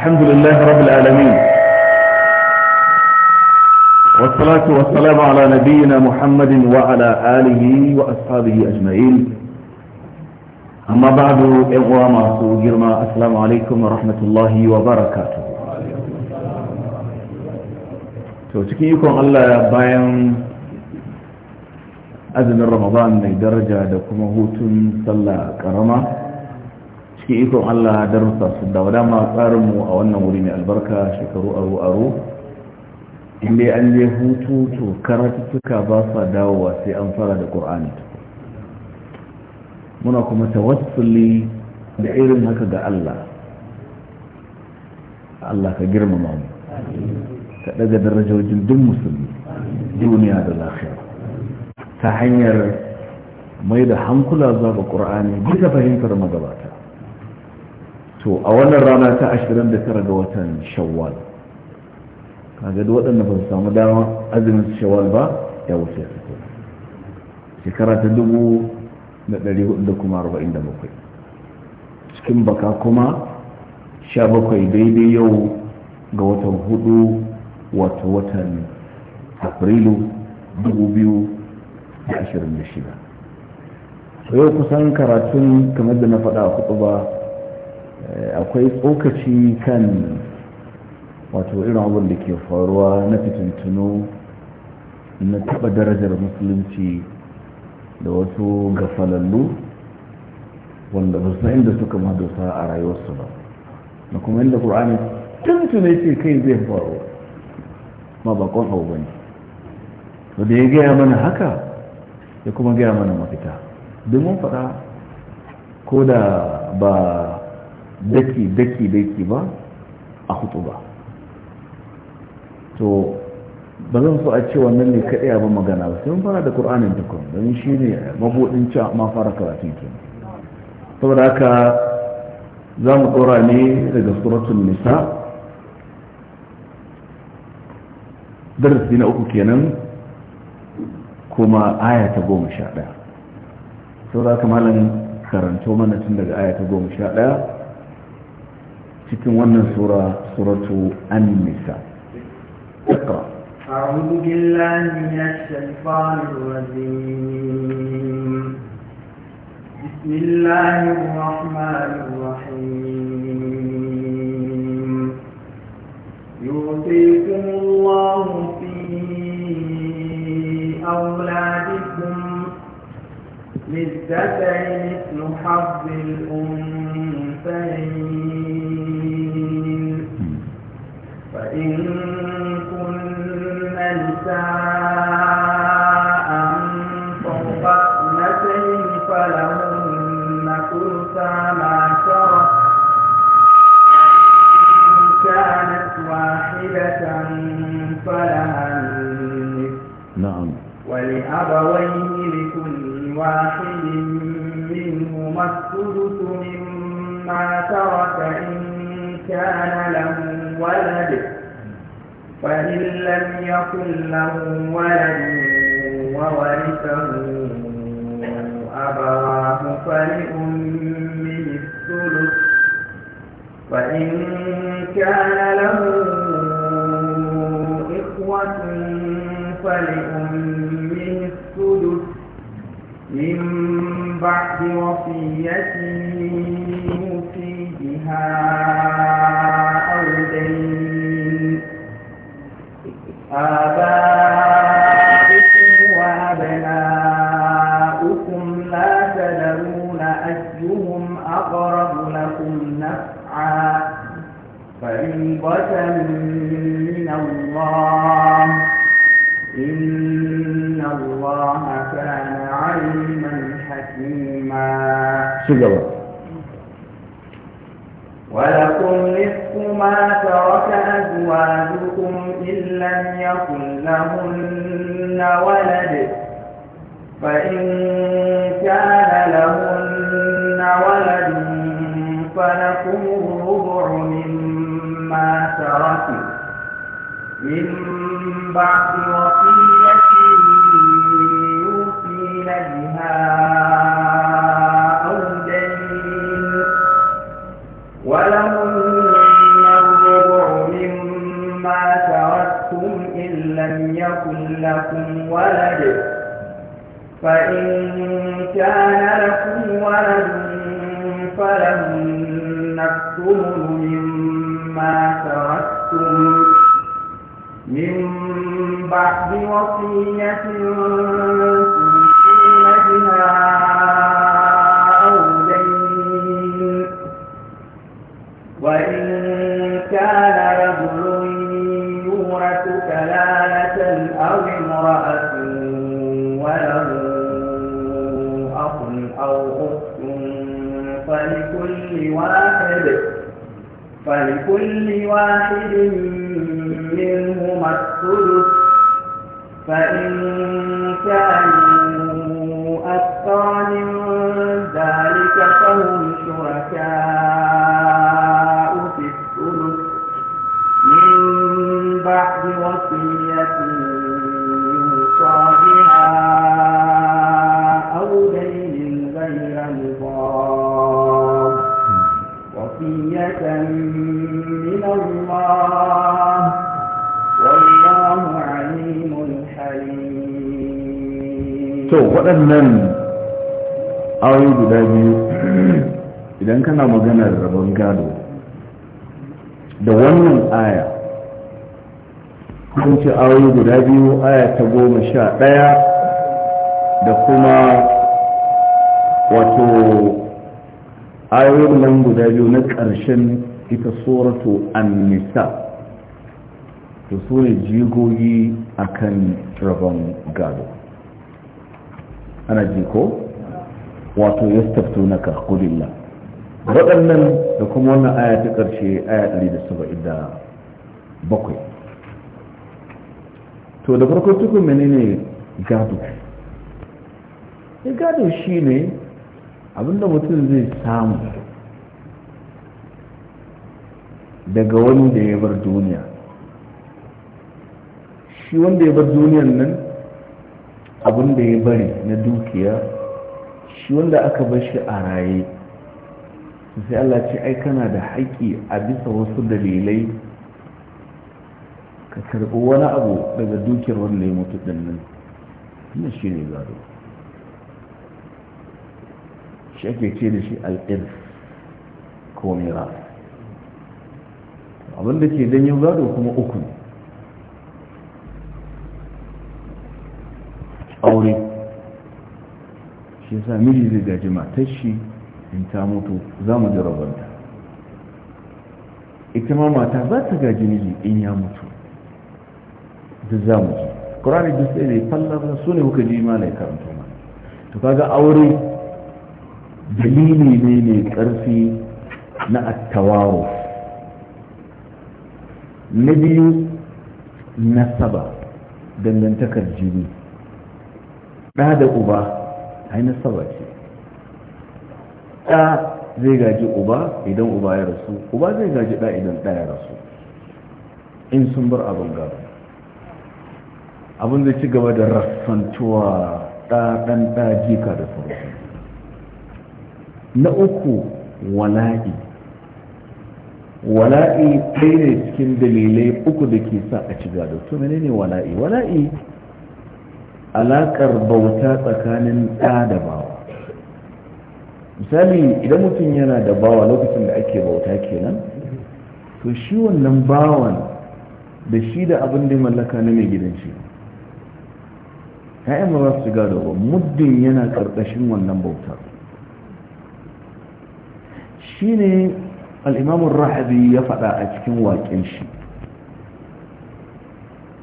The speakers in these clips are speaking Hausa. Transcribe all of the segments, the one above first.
الحمد لله رب العالمين والصلاة والسلام على نبينا محمد وعلى آله وأصحابه أجمعين أما بعد إغوى ماسو جرما السلام عليكم ورحمة الله وبركاته to الله ikon Allah bayan azumin Ramadan mai daraja da kuma hutun cikin ikon Allah darussa su da tsarin tsarinmu a wannan wuri mai albarka shekaru aro aro inda an je hutu to karatuttuka ba sa dawowa sai an fara da ƙur'ani muna kuma tawassuli da irin haka ga Allah Allah ka girmama mu ka daga darajojin duk musulmi duniya da lafiya ta hanyar mai da hankula zuwa ga ƙur'ani bisa fahimtar magaba to a wannan rana ta 29 ga watan shawwal kaga duk waɗanda ba su samu dama azumin shawwal ba ya wuce su kuma shekara ta dubu da ɗari hudu da kuma arba'in da bakwai cikin baka kuma sha bakwai daidai yau ga watan hudu wato watan afrilu dubu biyu da ashirin da shida yau kusan karatun kamar da na faɗa a kuɗu ba akwai tsokaci kan wato irin abin da ke faruwa na fitintuno na taɓa darajar musulunci da wasu gafalallu wanda ba san inda suka madosa a rayuwarsu ba na kuma inda ƙur'ani tuntune ce kai zai faru ma bakon abu bane to da ya gaya mana haka ya kuma gaya mana mafita domin faɗa ko da ba daki daki daki ba a hutu ba to ba zan so a ce wannan ne kaɗai ba magana ba sai mun fara da ƙur'anin tukun don shi ne mabuɗin ci ma fara karatun ke saboda haka za mu ɗora ne daga suratun nisa darasi na uku kenan kuma aya ta goma sha ɗaya saboda haka malam karanto mana tun daga aya ta goma sha ɗaya cikin wannan sura suratu an-nisa اقرا اعوذ بالله من الشيطان الرجيم بسم الله الرحمن الرحيم يوصيكم الله في أولادكم للذكر مثل حظ الأنثيين إن كن نساء فوق اثنتين فلهن ثلثا ما ترك وإن كانت واحدة فلها النصف نعم ولأبويه لكل واحد منهما السدس مما ترك إن كان له ولد فإن لم يكن له ولد وورثه أبواه فلأمه الثلث وإن كان له إخوة فلأمه السدس من بعد وصية يوصي بها آبائكم وأبناؤكم لا تدرون أيهم أقرب لكم نفعا فريضة من الله إن الله كان عليما حكيما. ولكم نصف ما ترك أزواجكم إن لم يكن لهن ولد فإن كان لهن ولد فلكم الربع مما تركوا من بعد وصية يوصين بها يكن لكم ولد فإن كان لكم ولد فلهن الثمن مما تركتم من بعد وصية تنسون بها أو دين وإن كان واحد فلكل واحد منهما الثلث فإن كانوا أكثر من ذلك فهم شركاء في الثلث من بعد وصية To من الله والله عليم حليم تو waɗannan guda biyu idan kana maganar rabon gado da wannan aya kun ce ayoyi guda biyu aya ta goma sha ɗaya da kuma wato ayoyin nan guda biyu na ƙarshen ita suratu an-nisa to su ne jigogi akan rabon gado ana jiko wato ya staftu na kakulilla waɗannan da kuma wannan aya ta ƙarshe aya bakwai. to da farko tukun menene gado eh, gado shi ne abinda mutum zai samu daga wani da ya bar duniya shi wanda ya bar duniyan nan abinda ya bari na dukiya shi wanda aka bar shi a raye sai Allah ce ai kana da haƙƙi a bisa wasu dalilai ka karɓi wani abu daga dukiyar wanda ya mutu ɗin nan shi ne zaro shi ake ce da shi al'ir ko mira abinda ke yin gado kuma uku ne. aure shi yasa miji zai gaji matar shi in ta mutu za mu ji rabonta ita ma mata za ta gaji miji in ya mutu duk za mu ji ƙorani duk sai da fallar su ne kuka ji ma na karanta ma to kaga aure dalili ne mai ƙarfi na attawaro na biyu nasaba dangantakar jini ɗa da uba ai nasaba ce ɗa zai gaji uba idan uba ya rasu uba zai gaji ɗa idan ɗa ya rasu in sun bar abin gaba abin zai ci gaba da rassantuwa ɗa ɗan ɗa jika da sauransu na uku wala'i wala'i ɗaya ne cikin dalilai uku da ke sa a ci gado to menene wala'i wala'i alaƙar bauta tsakanin ɗa da bawa misali idan mutum yana da bawa lokacin da ake bauta kenan to shi wannan bawan da shi da abin da mallaka na mai gidan shi ya'yan ba za su gado da muddin yana ƙarƙashin wannan bautar shine al-imam ar-rahabi ya faɗa a cikin waƙin shi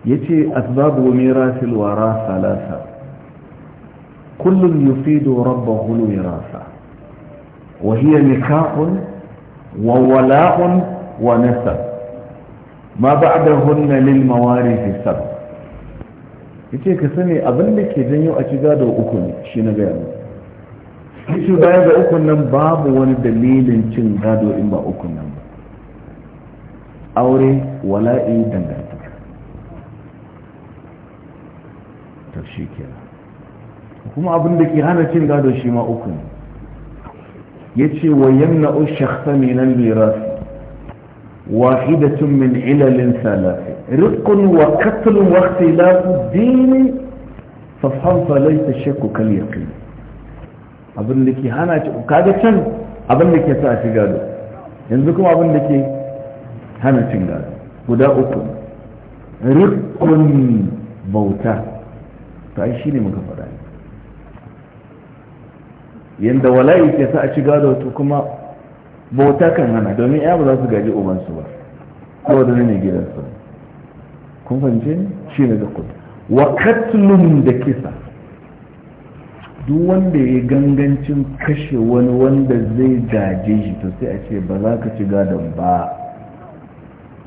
yace asbabu mirasil wara salasa kullun yufidu rabbahu mirasa wa hiya nikahun wa wala'un wa nasab ma ba'dahunna lil mawarith sab yace ka sani abin da ke janyo a ci gado uku ne shi na gaya muku shi baya ga ukun nan babu wani dalilin cin gado in ba ukun nan ba aure wala'i dangantaka to shi kenan kuma abin da ke hana cin gado shi ma uku ne ya ce wa yamna ushakhsa min al-miras wahidatun min ilalin salafi rikun wa qatl wa ikhtilafu din fa fa laysa shakku kal yaqin abin da ke hana ci kaga can abin da ke sa a ci gado yanzu kuma abin da ke hana cin gado guda uku rikun bauta ta yi shi ne muka faɗa yadda walayi ke sa a ci gado to kuma bauta kan hana domin ya ba za su gaji ubansu ba ko da ne gidansu kun fahimce ne shi ne da kudu wa katlun da kisa duk wanda ya gangancin kashe wani wanda zai gaje shi to sai a ce ba za ka ci gadon ba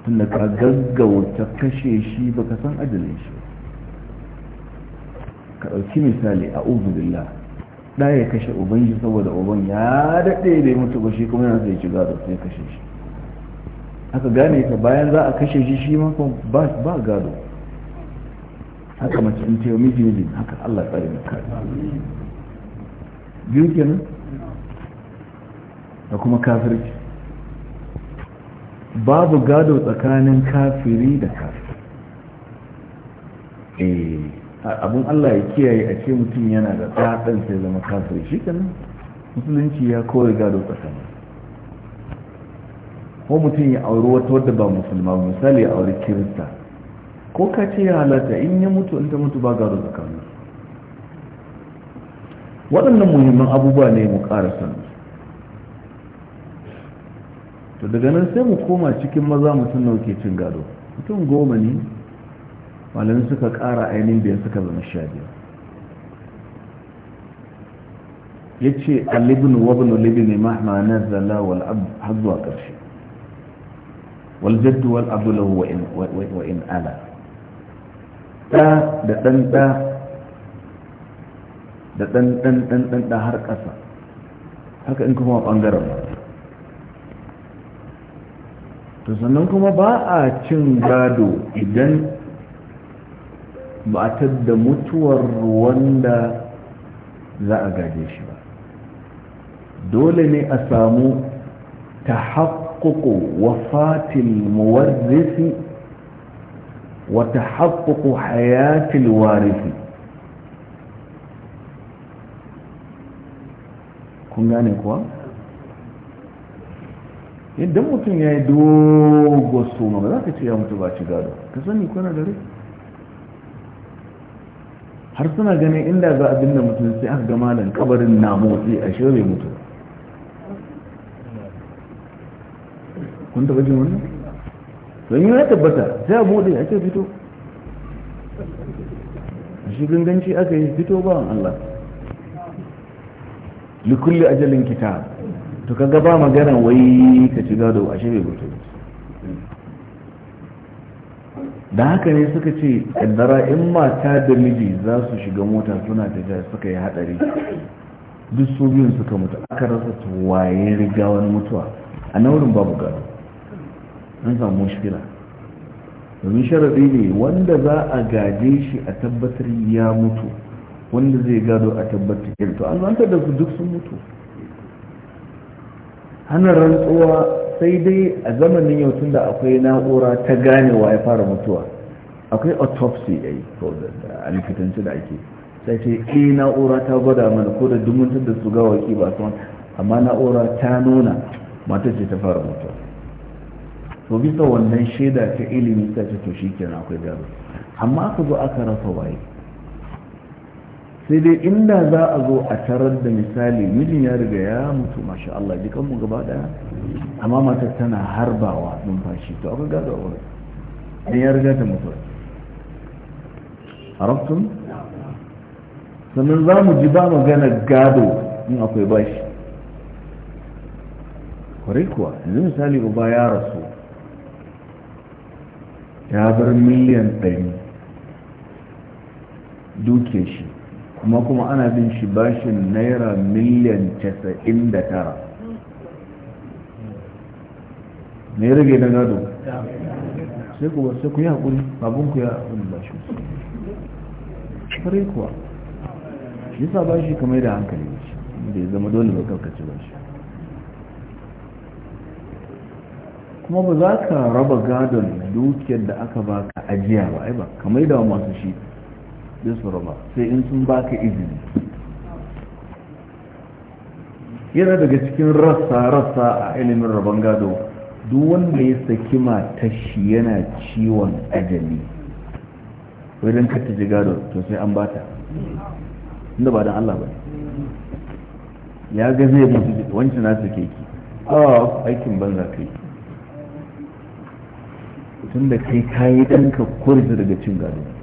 tunda ka gaggauta kashe shi ba ka san ajalin shi ka ɗauki misali a uzubillah ɗaya ya kashe uban shi saboda uban ya daɗe bai mutu ba shi kuma yana zai ci gado sai kashe shi aka gane ka bayan za a kashe shi shi ma ba gado haka mace in ce miji miji haka Allah tsari na kari biyu kenan da kuma kafirci babu gado tsakanin kafiri da kafiri eh, abin Allah ya kiyaye a ce mutum yana da ɗaɗan sai zama kafiri shi kenan musulunci ya kowai gado tsakanin ko mutum ya auri wata wadda ba musulma misali ya auri kirista ko ka ce ya halata in ya mutu in ta mutu ba gado tsakanin waɗannan muhimman abubuwa ne mu ƙara sani to daga nan sai mu koma cikin maza mutum nawa ke cin gado mutum goma ne malamin suka ƙara ainihin biyan suka zama sha biyar ya ce alibin wabin olibin mahma na zala wal har ƙarshe wal jaddu wal abu lahu wa in ala ɗa da ɗan ɗa da ɗan har ƙasa haka in kuma ɓangaren to sannan kuma ba a cin gado idan ba a da mutuwar wanda za a gaje shi ba dole ne a samu ta haƙƙoƙo wafatil muwarrisi wata haƙƙoƙo hayatil warisi kun gane kuwa idan mutum ya yi dogon soma ba za ka ce ya mutu ba ci gado ka sani kuna dare? har suna ganin inda za a binne mutum sai aka gama da kabarin na motsi a shirya mutu kun taba jin wani? don yi na tabbata sai a bude a ce fito shi ganganci aka yi fito ba Allah likulli ajalin kita to kaga ba magana wai ka ci gado a bai mutu da haka ne suka ce kaddara in mata da miji za su shiga mota suna jaya suka yi hadari duk su biyun suka mutu aka rasa waye riga wani mutuwa a naurin babu gado an samu mushkila domin sharaɗi ne wanda za a gaje shi a tabbatar ya mutu wanda zai gado a tabbatar da to an zanta da su duk sun mutu hana rantsuwa sai dai a zamanin yau tun da akwai na'ura ta gane wa ya fara mutuwa akwai autopsy a yi da alifitanci da ake sai ce eh na'ura ta gwada mana ko da dumuntar da su gawa gawaki ba su amma na'ura ta nuna mata ce ta fara mutuwa to bisa wannan shaida ta ilimi ta ce to shi kenan akwai gado amma aka zo aka rasa waye sai dai inda za a zo a tarar da misali mijin ya riga ya mutu masha Allah jikan mu gaba daya amma matar tana harbawa numfashi to aka gado a wurin dan ya riga ta mutu arabtum sannan za mu ji ba magana gado in akwai bashi kwarai kuwa yanzu misali uba ya rasu ya bar miliyan ɗari dukiyar shi kuma kuma ana bin shi bashin naira miliyan 99 ne rage na gado sai ku sai ku yi haƙuri babin ku ya haƙuri bashi kare kuwa shi sa bashi kamar da hankali shi da ya zama dole ba karkace bashi kuma ba za ka raba gadon dukiyar da aka baka ajiya ba ai ba kamar da masu shi sai sai in sun baka izini yana daga cikin rassa-rassa a ilimin rabon gado duk wanda ya saki matashi yana ciwon ajali wajen kata ji gado to sai an bata inda ba don Allah ba ya ga zai mutu wancan na sake ki awa aikin banza kai tun da kai kayi ɗanka kurta daga cin gado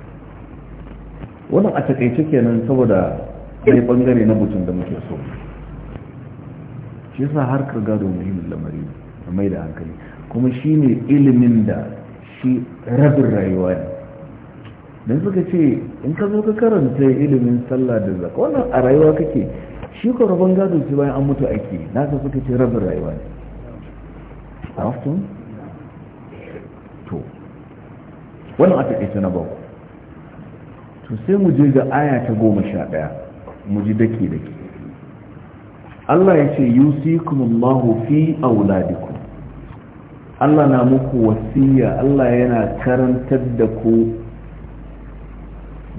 wannan a takaice kenan saboda ɗaya bangare na butun da muke so shi sa harkar gado muhimmin lamari a mai da hankali kuma shi ne ilimin da shi rabin rayuwa ne don suka ce in ka zo ka karanta ilimin sallah da zaka wannan a rayuwa kake shi ko rabon gado shi bayan an mutu ake ka suka ce rabin rayuwa ne a to wannan a takaice na bako to sai mu je ga aya ta goma sha ɗaya mu ji dake dake Allah ya ce yusikumullahu fi auladikum Allah na muku wasiya Allah yana karantar da ku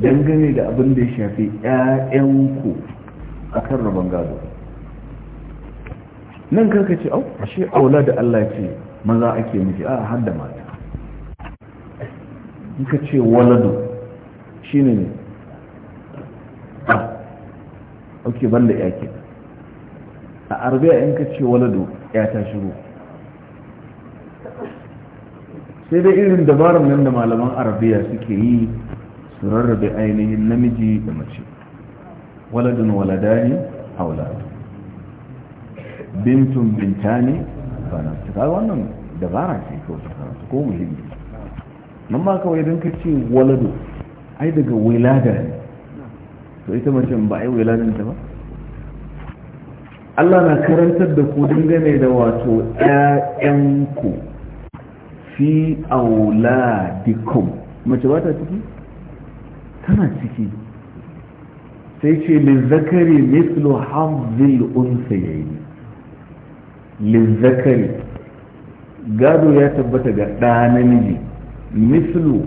dangane da abin da ya shafi ‘ya'yanku a kan rabon gado nan karka ce au ashe aula da Allah ce maza ake miji a har mata ka ce waladu Shi ne a ok da ya ke a arabiya in ka ce waladu ya ta shigo sai dai irin dabarar nan da malaman arabiya suke yi su rarrabe ainihin namiji da mace waladun waladani haulatu bintun ne ba na su wannan dabara ce kawai ko muhimmi nan ma kawai don ka ce waladu ai daga wilada ne to ita macen ba ai wiladanta ba Allah na karantar da ku dangane da wato ‘ya'yanku fi auladikum mace ba ta ciki? tana ciki sai ce Zakari, mislu hamzil unsa yayi gado ya tabbata ga ɗa namiji mislu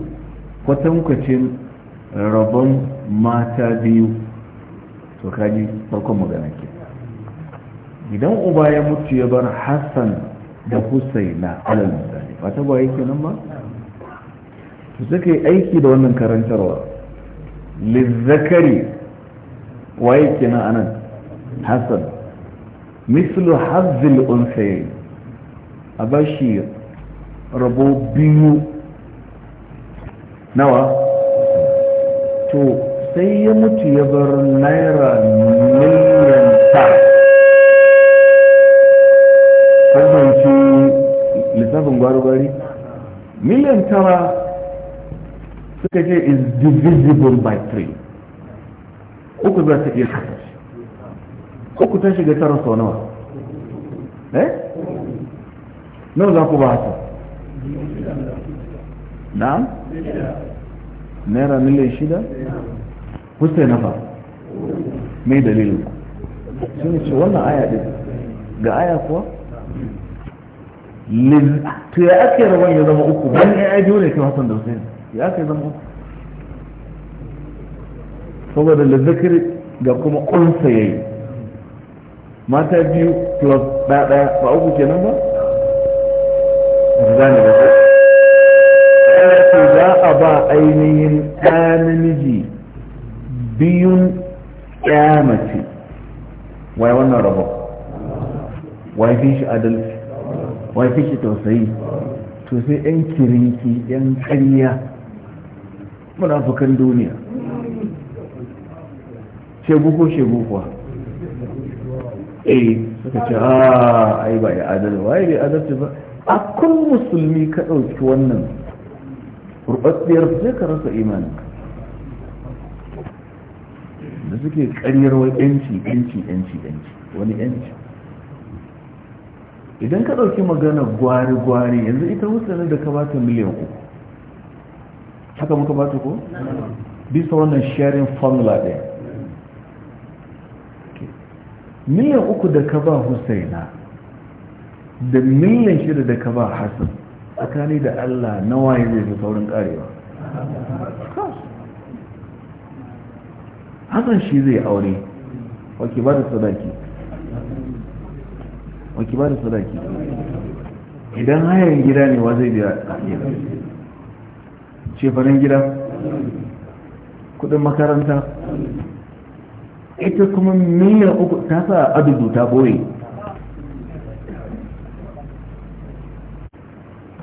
kwatankwacin rabon mata biyu to kaji farkon magana ke idan uba ya mutu ya bar hassan da husaina alal misali ba ba yake nan ba to suka yi aiki da wannan karantarwa lizzakari wa yake nan anan hassan mislu hazzil unsayi a bashi rabo biyu nawa to sai ya mutu ya bar naira miliyan ta kasance lissafin gwari-gwari miliyan tara suka ce is divisible by three uku za ta iya kasa uku ta shiga tara sau nawa eh nawa za ku ba su na'am naira miliyan shida kusa na fa mai dalilin ku sun ce wannan aya ɗin ga aya kuwa to ya ake rabon ya zama uku ban ya ajiyo ne kai hasan da ya ake zama uku saboda lizzakir ga kuma kunsa ya yi mata biyu plus ɗaya ɗaya ba uku kenan ba? Zane da غضى عينيهم آمن جي بيون قيامتي ويا وانا ربا ويا فيش عدل ويا فيش توسعي توسعي ان كريكي ان كريا منافقا دونيا شبوكو شبوكو ايه اه ايبا يا عدل ويا عدل تبا اكل مسلمي كأوك وانا gurɓaɓɓiyar sai ka rasa imanin da suke karyar wai yanci yanci yanci yanci wani yanci idan ka ɗauki magana gwari-gwari yanzu ita hussanin da ka bata miliyan uku haka muka bata ko? bisa wannan sharing formula ɗaya miliyan uku da ka ba Husaina da miliyan shida da ka ba hassan tsakani da Allah na waye zai fi saurin karewa hakan shi zai aure wake ba da sadaki wake ba da sadaki idan hayan gida ne wa zai biya shefanin gida kudin makaranta ita kuma miliyan uku ta sa adubu ta boye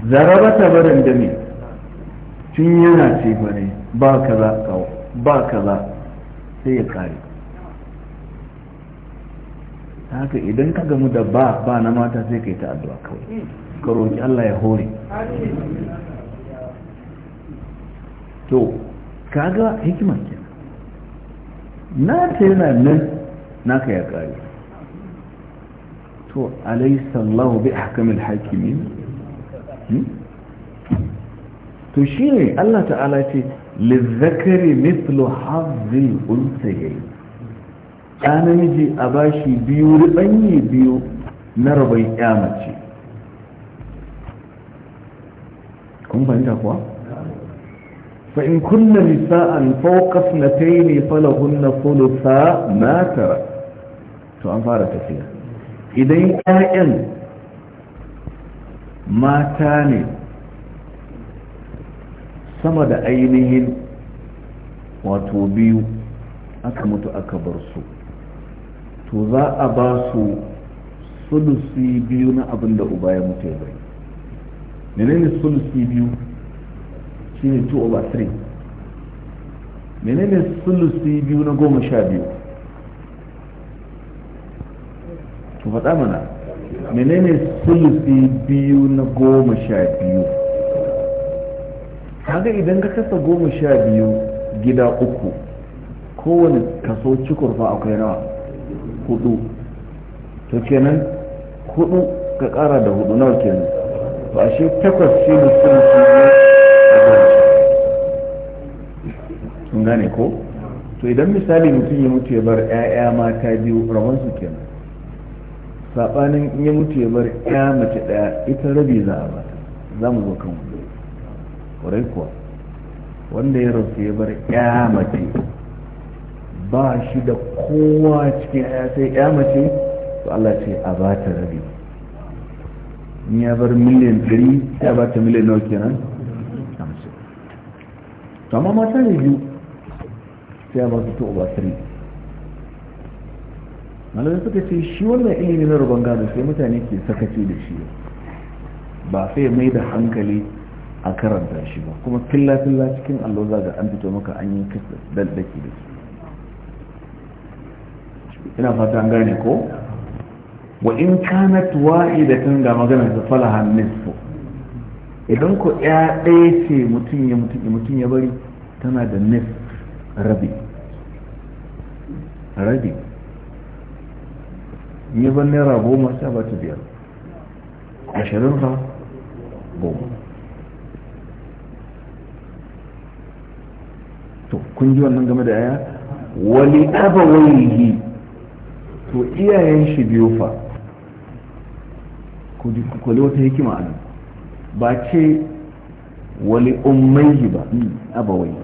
zaraba barin da me tun yana ce ba ne ba ka kawo ba za sai ya kare haka idan ka gamu da ba ba na mata sai ka yi ta addu'a kawai ka roƙi Allah ya hore to kaga hikimar ke na ta yana nan na ka ya kare to sallahu bi ahkamil hakimin Hmm? to shi ne Allah ta'ala ce lizzakari mithlu hazzil unsayayi ɗa namiji a bashi biyu riɓanye biyu na rabin mace kun fahimta kuwa fa in kunna nisa'an fawqa ne falahunna thulutha ma tara to an fara tafiya idan 'ya'yan. mata ne sama da ainihin wato biyu aka mutu aka bar su to za a ba su sulusi biyu na abin da uba ya mutu ya bai menene sulusi biyu shine 2 over 3 menene sulusi biyu na goma sha biyu to faɗa mana menene sulusi biyu na goma sha biyu kaga idan ka kasa goma sha biyu gida uku kowane kaso cikurfa akwai nawa hudu to kenan hudu ka kara da hudu nawa kenan to ashe takwas shi ne sulusi sun gane ko to idan misali mutum ya mutu ya bar 'ya'ya mata biyu su kenan sabanin in ya mutu ya bar ya mace daya ita rabi za a bata za mu zo kan kwarai kuwa wanda ya rasu ya bar ya mace ba shi da kowa cikin ya sai ya mace to Allah ce a ba ta rabi in ya bar miliyan 100 ya ta miliyan nawa kenan amma mata ne biyu sai ya ba su to over malamai suka ce shi wannan ilimi na rubon gado sai mutane ke sakaci da shi ba sai mai da hankali a karanta shi ba kuma filla-filla cikin allo ga an fito maka an yi kasa daldaki da su ina fata an gane ko wa in kanat tun ga maganar fala hannun su idan ku ya ɗaya ce mutum ya mutum ya mutum ya bari tana da nisf rabi rabi in yi ban naira goma sha ba ta biyar ashirin ka goma to kun ji wannan game da wani wali wani to iyayen shi biyu fa ku ji kwale wata hikima a nan ba ce wali yi ba hmm, wani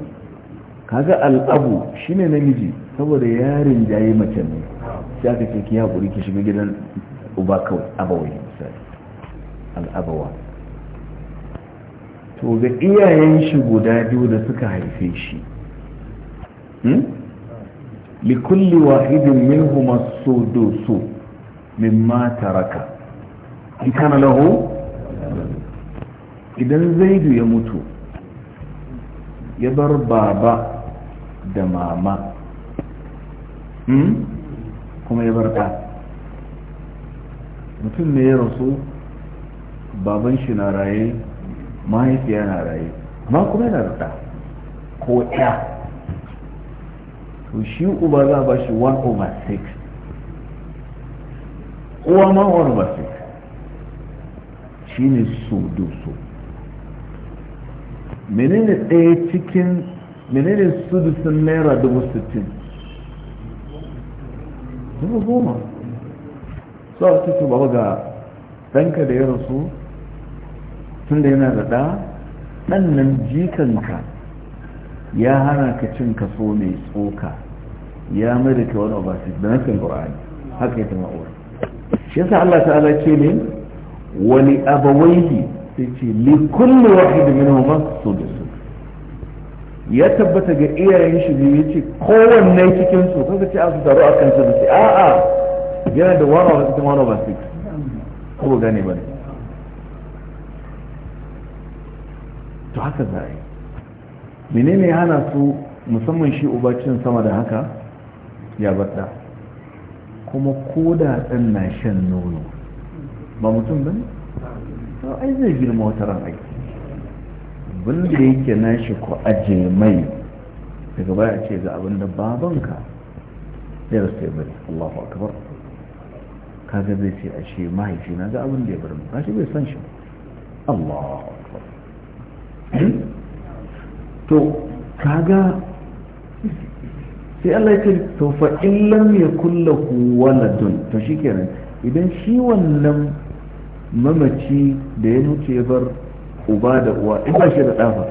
kaga al'abu shine namiji saboda yarin jaye mace ne sai aka ce ki hakuri ki shiga gidan uba kawai abawai misali al'abawa to ga iyayen shi guda biyu da suka haife shi hmm? likulli wahidin minhuma min mimma taraka in kana lahu idan zaidu ya mutu ya bar baba da mama hmm? kuma ya bar ɗa mutum ne ya rasu baban shi na raye mahaifiya na raye amma kuma yana da ko ya to shi uba za a ba shi 1 over 6 uwa ma 1 over 6 shi ne so do so menene ɗaya cikin menene sudusin naira dubu sittin dubu goma so a cikin baba ga ɗanka da ya rasu tun da yana da ɗa jikanka ya hana ka cin kaso mai tsoka ya mai da wani obasi da nasin ƙura'ani haka ya zama uwar shi yasa Allah ta'ala ce ne wani abawaihi sai ce li kulli minhum sudus ya tabbata ga iyayen shi ne yace ce kowanne cikin su kuka ce an su taru a kansa da ce a'a yana da wani wani cikin wani wani ko ba gane ba ne to haka za a yi menene hana su musamman shi uba cin sama da haka ya bada kuma ko da ɗan na shan nono ba mutum ba ne ai zai girma wata ran aiki Abinda yake na shi ku aje mai daga baya ce ga abin da babanka ya rasu ya bari Allahu akbar kaga zai ce ashe mahaifi na ga abin da ya bari mu shi bai san shi Allahu akbar hmm? to kaga sai Allah ya ce to fa in lam yakul lahu waladun to shikenan idan shi wannan mamaci da ya nuce ya bar uba da uwa in ba shi da ɗafa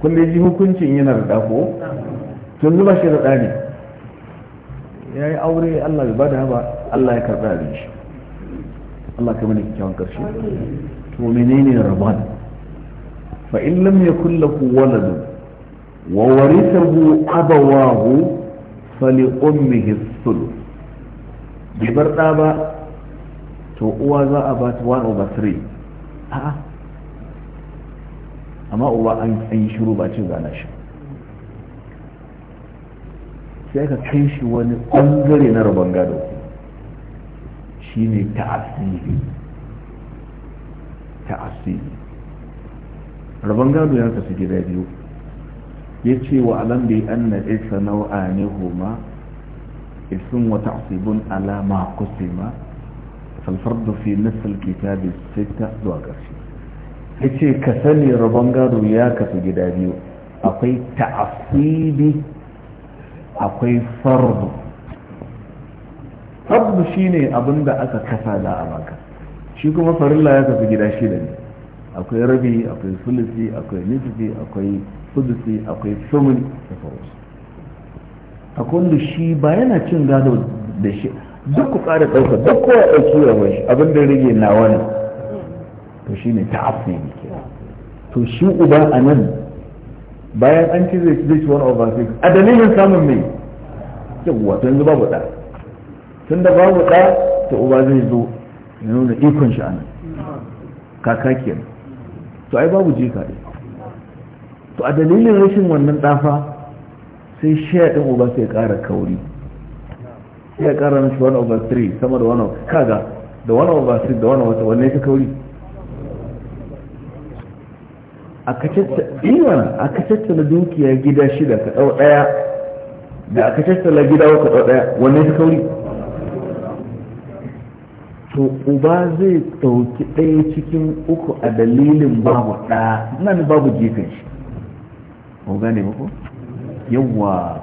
kun da ji hukuncin yana da ɗafo tun ba shi da ɗa ne ya yi aure allah bai bada ba allah ya karɓi abin shi allah ka mana kyawun ƙarshe to menene rabon fa in lam yakun lahu waladun wa warithahu abawahu fali ummihi thuluth bai bar ɗa ba to uwa za a ba ta 1 over 3 a'a amma uba an yi shiru ba ce gana shi sai ka kai shi wani ɓangare na rabon gado shi ne ta'asiri rabon gado ya kasu gida biyu ya ce wa alam bai an na isa nau'a ne homa isin wata asibin alama kusima falfardu fi nasal kitabi sita zuwa ƙarshe ya ce ka sani rabon gado ya kasu gida biyu akwai ta'asibi akwai fardu fardu shine abin da aka kasa da a baka shi kuma farilla ya kasu gida da ne akwai rabi akwai sulisi akwai nisifi akwai sudusi akwai sumin da sauransu a kundu shi ba yana cin gado da shi duk ku ƙara ɗauka duk kowa ɗauki yawon shi abin da rage nawa ne to shi ne ta'afi ne ke to shi uba a nan bayan an ci zai ci wani over six a dalilin samun mai yawwa to yanzu babu ɗa tun da babu ɗa to uba zai zo ya nuna ikon shi a nan kaka kenan to ai babu jika ɗin to a dalilin rashin wannan ɗafa sai shaya ɗin uba sai ƙara kauri sai ya ƙara mishi 1 over sama da 1 da 1 over da 1 over wanne ya kauri Aka tattala dukiya gida shida ka ɗau ɗaya da aka tattala gida ka ɗau ɗaya wanne ta kauri to uba zai ɗauki ɗaya cikin uku a dalilin babu ɗa nan babu gefen shi ko gane ba ko yawwa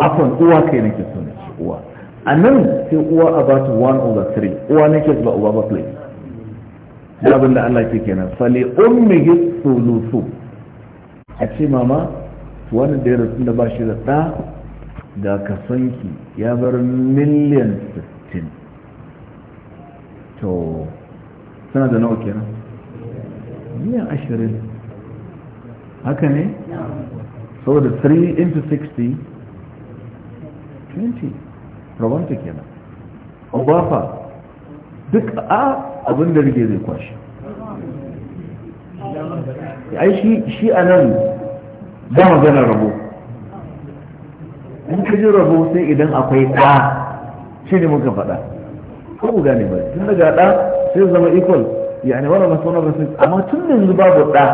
Akon uwa kai nake so na uwa a nan sai uwa a ba one 1 over 3 uwa nake zuba uba ba place da abin da Allah ke kenan fali ummi sulusu a ce mama wani da ya rasu da ba shi da ɗa ga kasonki ya bar miliyan 60 to suna da nawa kenan miliyan 20 haka ne da 3 into 60 20 rabanta kenan obafa duk a abin da rige zai kwashi ai shi a nan ba magana rabo in ka ji rabo sai idan akwai ɗa shi ne muka faɗa ko ku gane ba tun daga ɗa sai zama equal yani wani masu wani rasu amma tun da yanzu babu ɗa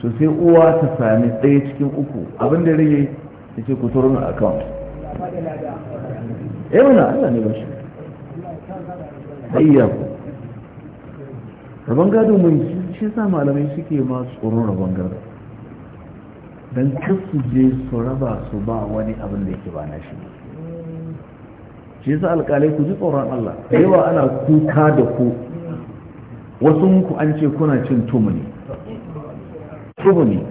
to sai uwa ta sami ɗaya cikin uku abin da rage ta ce ku turu na account eh mana Allah ne ba shi ayyaku rabon gado mai shi sa malamai suke ma tsoron rabon gado don kasu je su raba su ba wani abin da yake ba na shi shi sa alƙalai ku ji tsoron Allah yawa ana kuka da ku wasu ku an ce kuna cin tumuni tumuni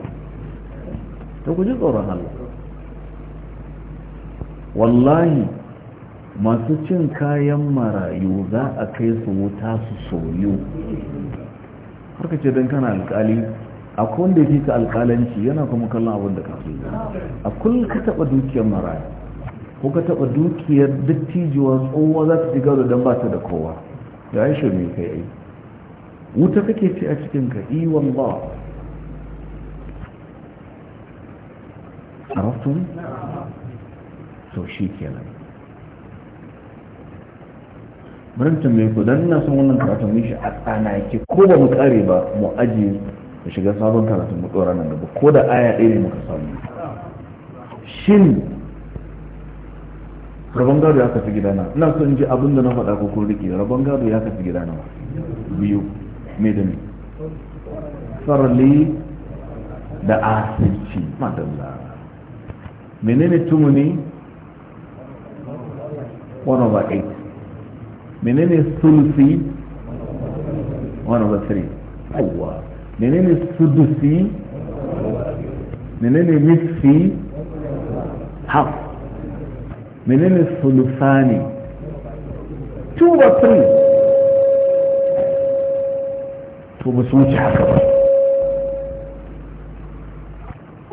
ta ku ji tsoron Allah wallahi masu cin kayan marayu za a kai su wuta su soyu ka ce don kana alkali a wanda ya fi ka alkalanci yana kuma kallon abin da kafin a kullum ka taɓa dukiyar marayu ko ka taɓa dukiyar dattijuwa tsohuwa za ta shiga da don ba ta da kowa yi shi mai kai ai wuta kake ce a cikin ka iwan ba a to shi kenan bari tambaye ku don ina wannan karatun mun a tsana yake ko ba mu kare ba mu aje mu shiga sabon karatun mu dora nan gaba ko da aya ɗaya ne muka samu shin rabon gado ya kafi gidana ina son ji abin da na faɗa ko kun riƙe rabon gado ya kafi gidana biyu me da me farli da asirci madalla menene tumuni One over eight. menene sulusi one over three yawwa menene sudusi menene nisfi half menene sulusani two over three to ba su wuce haka ba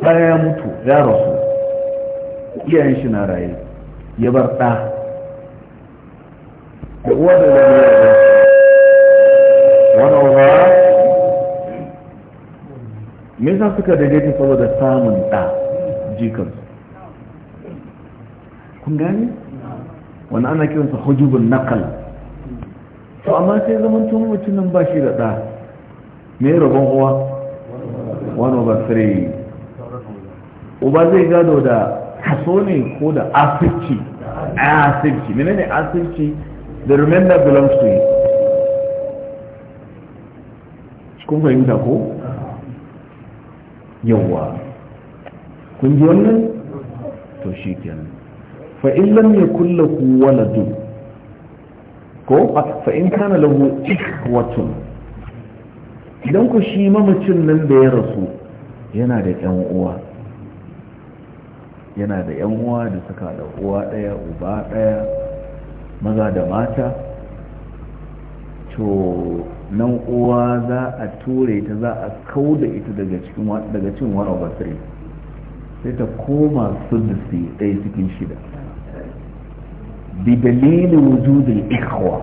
ɗaya ya mutu ya rasu iyayen shi na raye ya bar ɗa da uwa da uba ne yarda wani uba me yasa suka daidaita saboda samun ɗa jikansu kun gane wani ana kiransa hujubun nakal to amma sai zaman tun mutum nan ba shi da ɗa me rabon uwa wani uba sire uba zai gado da kaso ne ko da asirci asirci menene asirci the remainder belongs to him kun fahimta ko yawwa kun ji wannan to shi kenan fa in lam yakul lahu waladu ko fa in kana lahu ikhwatun idan ku shi mamacin nan da ya rasu yana da yan uwa yana da yan uwa da suka da uwa daya uba daya maza da mata to nan uwa za a ture ta za a kau da ita daga cikin daga cikin one over three sai ta koma sudusi ɗaya cikin shida bi dalilin wujudin ikhwa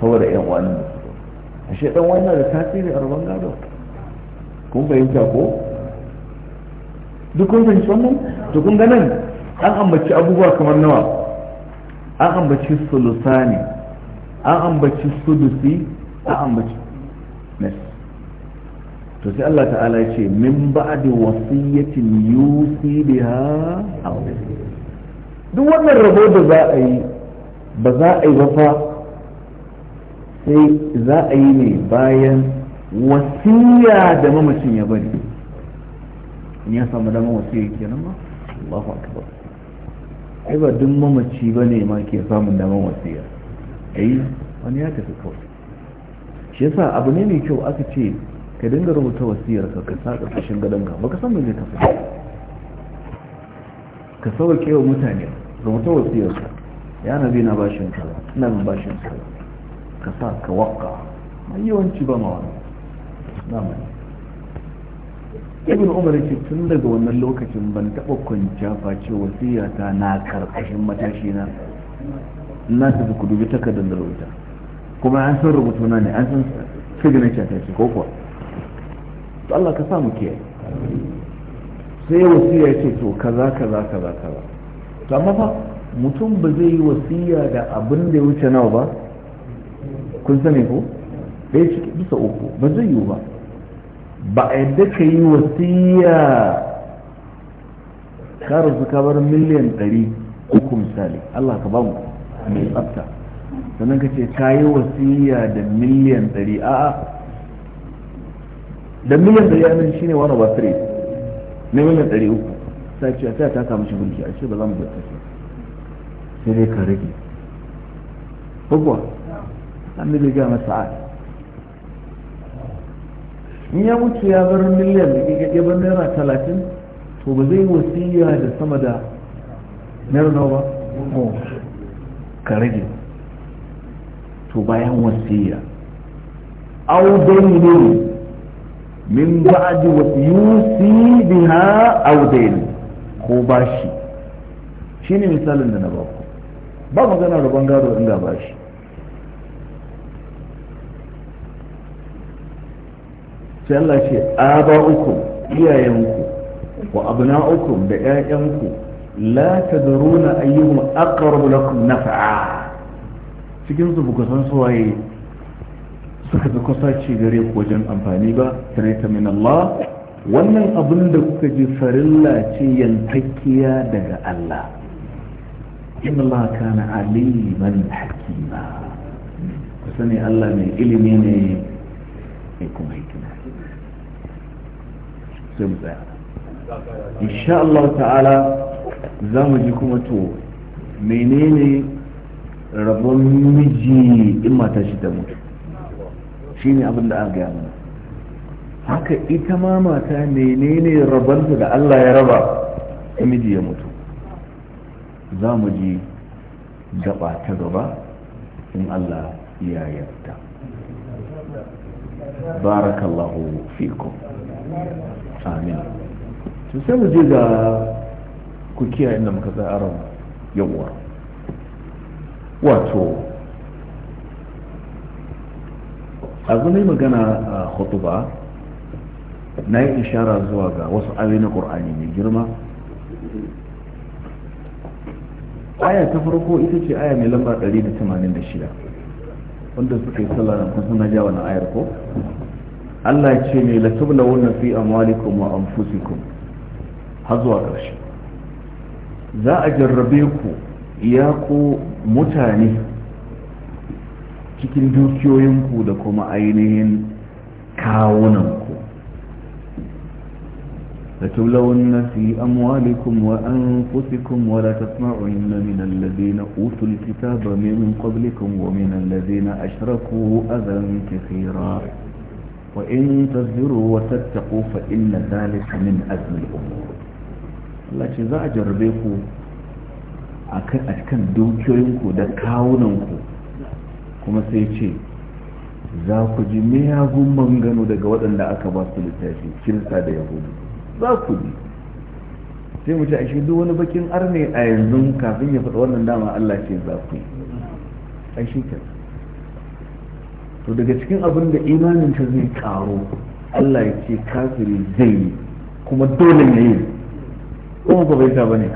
saboda yan wani ashe dan wani da tasiri a rabon gado kun fahimta ko duk kun fahimci wannan to kun ga nan an ambaci abubuwa kamar nawa an ambaci sulusani an ambaci sudusi an ambaci nes to sai Allah ta'ala ya ce min ba'di wasiyatin yusi biha aw duk wannan rabo da za a yi ba za a yi ba fa sai za a yi ne bayan wasiya da mamacin ya bari in ya samu damar wasiya kenan ba Allahu akbar ai ba duk mamaci ba ne ma ke samun daman wasiya ai wani ya tafi kawai shi yasa abu ne mai kyau aka ce ka dinga rubuta wasiyar ka ka saka kashin gadon ka baka san ka zai tafi ka sauke wa mutane rubuta wasiyar ka ya nabi na bashin kaza ina min bashin kaza ka sa ka wakka mai yawanci ba ma wani zamani ibn umar ce tun daga wannan lokacin ban taɓa kwanciya face wasiyata na karkashin matashi na na tafi ku dubi takardar da rubuta kuma an san rubutu na ne an san signature ta ce ko kuwa to Allah ka samu ke sai wasiya ya ce to kaza kaza kaza kaza to amma fa mutum ba zai yi wasiya da abin da ya wuce nawa ba kun sani ko ɗaya bisa uku ba zai yiwu ba ba a yadda ka yi wasiya ka rasu ka bar miliyan ɗari uku misali Allah ka mu mai tsafta sannan ka ce ka yi wasiya da miliyan ɗari a'a da miliyan ɗari anan shi ne wani basire na miliyan ɗari uku sai ce ta ta samu shi gulki a ce ba za mu zata ce sai dai ka rage bugwa annabi ga masa Masa'ad. in ya mutu ya bar miliyan da ke gaɗe bar naira talatin to ba zai wasiya da sama da naira nawa ba oh, ka rage to bayan wasiya dai ne min ba'di yusi biha aw dainin ko bashi shine misalin da na ba ku ba magana rabon gado in ga bashi sai Allah ce uku iyayenku wa uku da ƴaƴanku la tadruna ayyuhum aqrabu lakum naf'a cikin su buku san su waye suka fi kusa ci gare ku wajen amfani ba tare ta min Allah wannan abin da kuka ji farilla ce yantakkiya daga Allah inna Allah kana aliman hakima ku sani Allah mai ilimi ne mai kuma sai mu tsaya insha Allah ta'ala za mu ji kuma to menene rabon miji in mata shi ta mutu shine abin da aka gaya mana haka ita ma mata menene rabonta da Allah ya raba miji ya mutu za mu ji gaba ta gaba in Allah ya yarda barakallahu fikum amin to sai mu je ga ku kiya inda muka tsara arab yawwa wato a zama magana a khutuba na yi ishara zuwa ga wasu ayoyi na ƙur'ani mai girma aya ta farko ita ce aya mai lamba 186 wanda suka yi sallah na kusan na ja na ayar ko Allah ce ne la tublawunna fi amwalikum wa anfusikum har zuwa ƙarshe za a jarrabe ku ya ku mutane cikin dukiyoyinku da kuma ainihin kawunanku la tublawunna fi amwalikum wa anfusikum wa la tasma'unna min alladhina utul kitaba min qablikum wa min alladhina ashraku adhan kathira وإن تصبروا وتتقوا فإن ذلك من أزم الأمور Allah ce za a jarrabe ku a kan dukiyoyinku da kawunanku kuma sai ce za ku ji miyagun mangano daga waɗanda aka ba su littafi Kirsa da yahudu za ku ji sai mu ce a duk wani bakin arne a yanzu kafin ya faɗa wannan dama Allah ce za ku yi a shi kenan to daga cikin abin da imanin ta zai karo Allah ya ce kafiri zai yi kuma dole ne yi kuma ba bai ta bane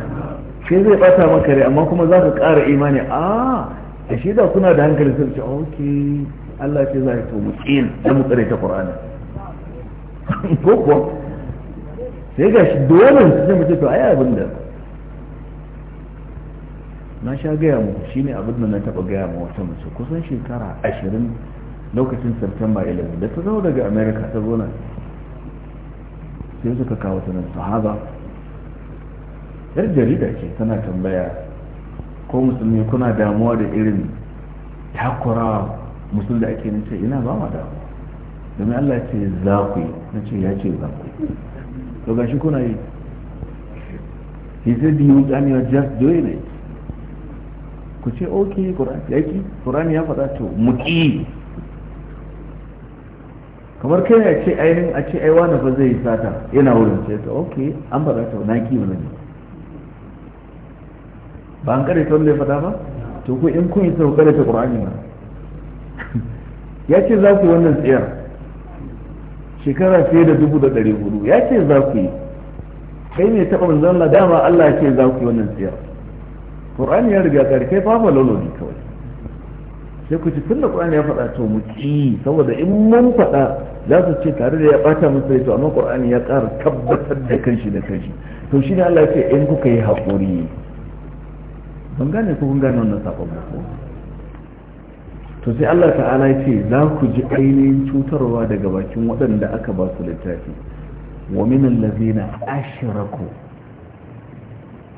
sai zai bata maka rai amma kuma za ka ƙara imani a a shi da kuna da hankali sun ce ok Allah ce za ya to mu tsin da mu tsare ta Qur'ani ko ko sai ga shi dole su mu ce to ai abin da na sha gaya mu shine abin da na taba gaya ma wata mace kusan shekara ashirin lokacin september 11 da ta zo daga america ta zo nan sai suka kawo sanin sahaba yar jarida ce tana tambaya ko musulmi kuna damuwa da irin takura musulmi da ake nace ina ba ma damuwa domin allah ce za ku yi na ce ya ce za ku yi to gashi kuna yi he said you and you are just doing it ku ce ok ƙur'ani ya faɗa to muƙi kamar kai ne ce ainihin a ce ai wani ba zai sata yana wurin ce ta ok an faɗa ta na kima ne ba an kare sauran da ya ba to ku in kun yi sau kare ta ƙur'ani ba ya ce za ku yi wannan tsayar shekara fiye da dubu da ɗari hudu ya ce za ku yi kai ne taɓa manzon Allah dama Allah ya ce za ku yi wannan tsayar ƙur'ani ya riga ƙarfe fafa lolo ne kawai sai ku ci tun da ƙur'ani ya faɗa to mu ci saboda in mun faɗa za su ce tare da ya ɓata musu rai to amma ƙur'ani ya ƙara tabbatar da kanshi da kanshi to shi ne Allah ya ce in kuka yi haƙuri ban gane ku kun gane wannan saƙon ba to sai Allah ta'ala ya ce za ku ji ainihin cutarwa daga bakin waɗanda aka ba su littafi wa min allazina ashraku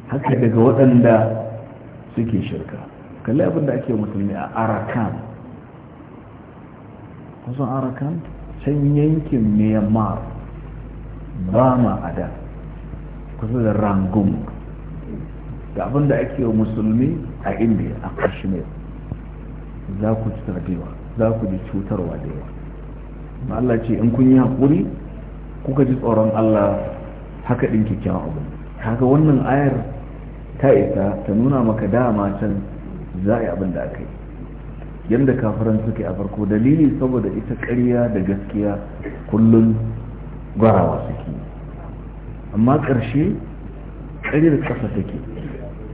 haka daga waɗanda suke shirka kalli abin da ake musulmi a arakan kusan arakan can yankin myanmar bama a da kusa da rangun da abin da ake musulmi a indiya a kashmir za ku ci tarbewa za ku ji cutarwa da yawa ma Allah ce in kun yi haƙuri kuka ji tsoron Allah haka ɗin kyakkyawan abu kaga wannan ayar ta isa ta nuna maka dama can za a yi abin da aka yi yadda kafiran suke a farko dalili saboda ita ƙarya da gaskiya kullum gwarawa suke amma ƙarshe ƙaryar ƙasa take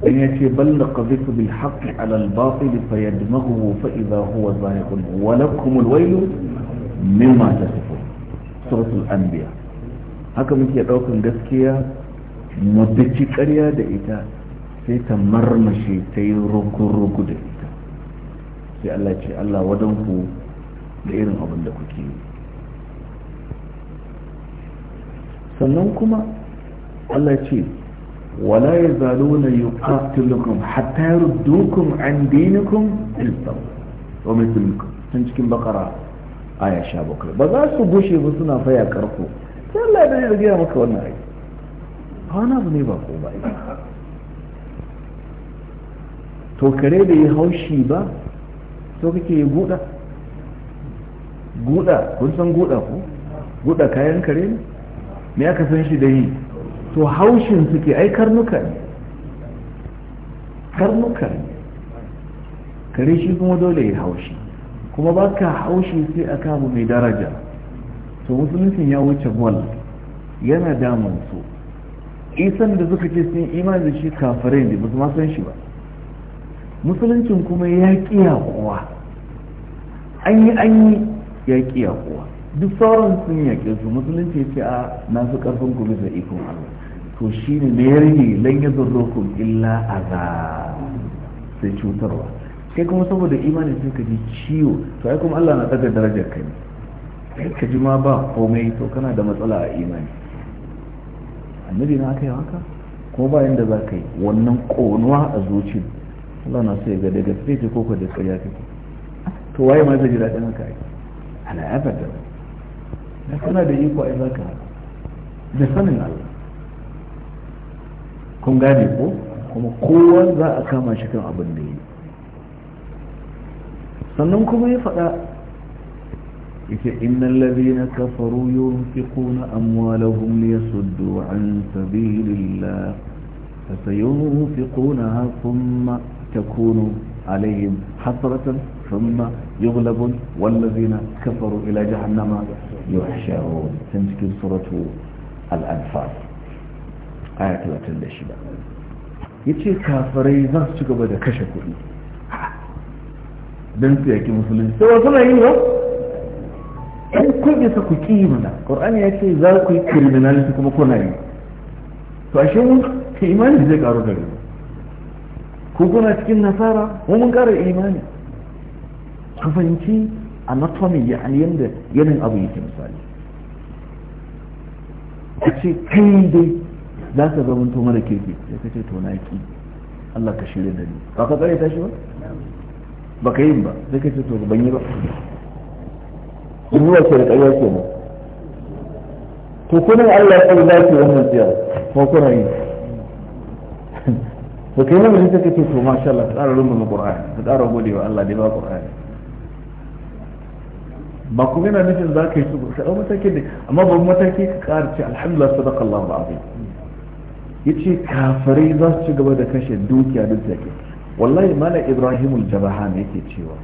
dan ya ce balla qadhifu bil haqqi ala al batil fa yadmaghu fa idha huwa zahiqun wa lakum al waylu mimma tasifun suratul anbiya haka muke daukan gaskiya mu dace ƙarya da ita sai ta marmashe ta yi rugu-rugu da ita sai Allah ce Allah wadanku da irin abin da kuke yi sannan kuma Allah ce wala ya zalo na yi ƙatilukum hatta ya rudukum an dinikum ilfau wa musulmukum tun cikin bakara aya sha bakwai ba za su gushe ba suna faya karko sai Allah ya dare da gaya maka wannan aiki a wani abu ne ba ko ba to kare bai yi haushi ba to kake yi guda guda kun san guda ku? guda kayan kare ne me aka san shi da yi to haushin suke ai karnuka ne karnuka ne kare shi kuma dole ya haushi kuma ba ka haushi sai a kamu mai daraja to musuluncin ya wuce gwal yana damun su isan da suka ce sun imani da shi kafirai ne ba su ma san shi ba musuluncin kuma ya ƙiya kowa an yi an yi ya ƙiya kowa duk sauran sun yaƙe su musulunci ce a na fi ƙarfin bisa ikon Allah to shi ne na ya rage lan ya kun illa za sai cutarwa kai kuma saboda imani sai ka ji ciwo to ai kuma Allah na daga darajar ka ne kai ka ji ma ba komai to kana da matsala a imani annabi na aka yi haka ko ba yanda za ka yi wannan konuwa a zuci. Allah na so ya ga daga fiti ko da tsariya kake to waye ma zai ji daɗin haka yi? ala abada da kana da iko ai zaka da sanin Allah kun gane ko kuma kowa za a kama shi kan abin da yi sannan kuma ya faɗa yake innal ladhina kafaru yunfiquna amwalahum liyasuddu an sabilillah فسينفقونها ثم تكون عليهم حسرة ثم يغلبون والذين كفروا إلى جهنم يحشرون تمسك سورة الأنفال آية الأشباء يتي كافري ذات شكبه ده كشكو دنس يكي مسلم سوى صلى الله عليه وسلم إن كل يسكو كيمنا قرآن يكي ذاكو كريمنا لسكو مكونا يو كيمان يزيك أروجا ku kuna cikin nasara mu mun ƙara imani ka fahimci anatomy ya yanda yanin abu yake misali a ce kai dai za ka zama to mara kirki sai ka ce to na ki Allah ka shirya da ni ba ka tsare ta shi ba ba ka yin ba sai ka ce to ban yi ba ruwa ke da ƙarya ke mu to kuna Allah ya za ki wannan tsiyar ko kuna yi to kai lamarin sai kace to masha Allah tsara rumbun Qur'ani ka tsara godewa Allah dai ba Qur'ani ba kuma yana nufin za ka yi su ka ɗau mataki da amma ba mataki ka ƙara ce alhamdulillah sadaqa Allah al'azim yace kafirai za su ci gaba da kashe dukiya duk zake wallahi mala Ibrahim al-Jabahan yake cewa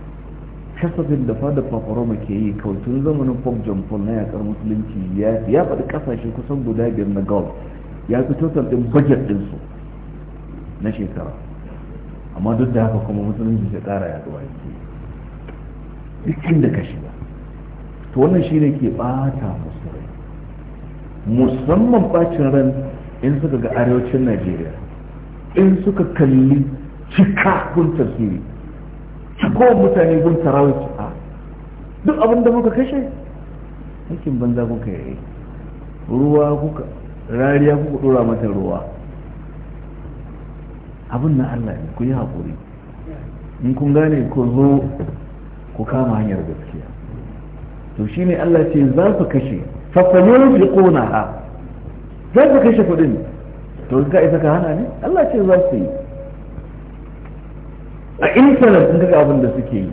kasafin da fada fafaroma ke yi kawai tun zamanin Pope John Paul na yakar musulunci ya faɗi kasashe kusan guda biyar na Gulf ya fito total ɗin budget ɗinsu su na shekara amma duk da haka kuma musulunci kara ƙara yaduwa yake duk inda ka shiga to wannan shi ne ke ɓata musu rai musamman ɓacin ran in suka ga arewacin najeriya in suka kalli cika gun tasiri ciko mutane gun tarawih a duk abin da muka kashe aikin banza kuka yi ruwa kuka rariya kuka dora mata ruwa abin na Allah ne ku yi haƙuri in kun gane ku zo ku kama hanyar gaskiya to shi ne Allah ce za su kashe fafayon fi ƙona ha za su kashe kudin to ka isa ka hana ne Allah ce za su yi a intanet in kaga abin da suke yi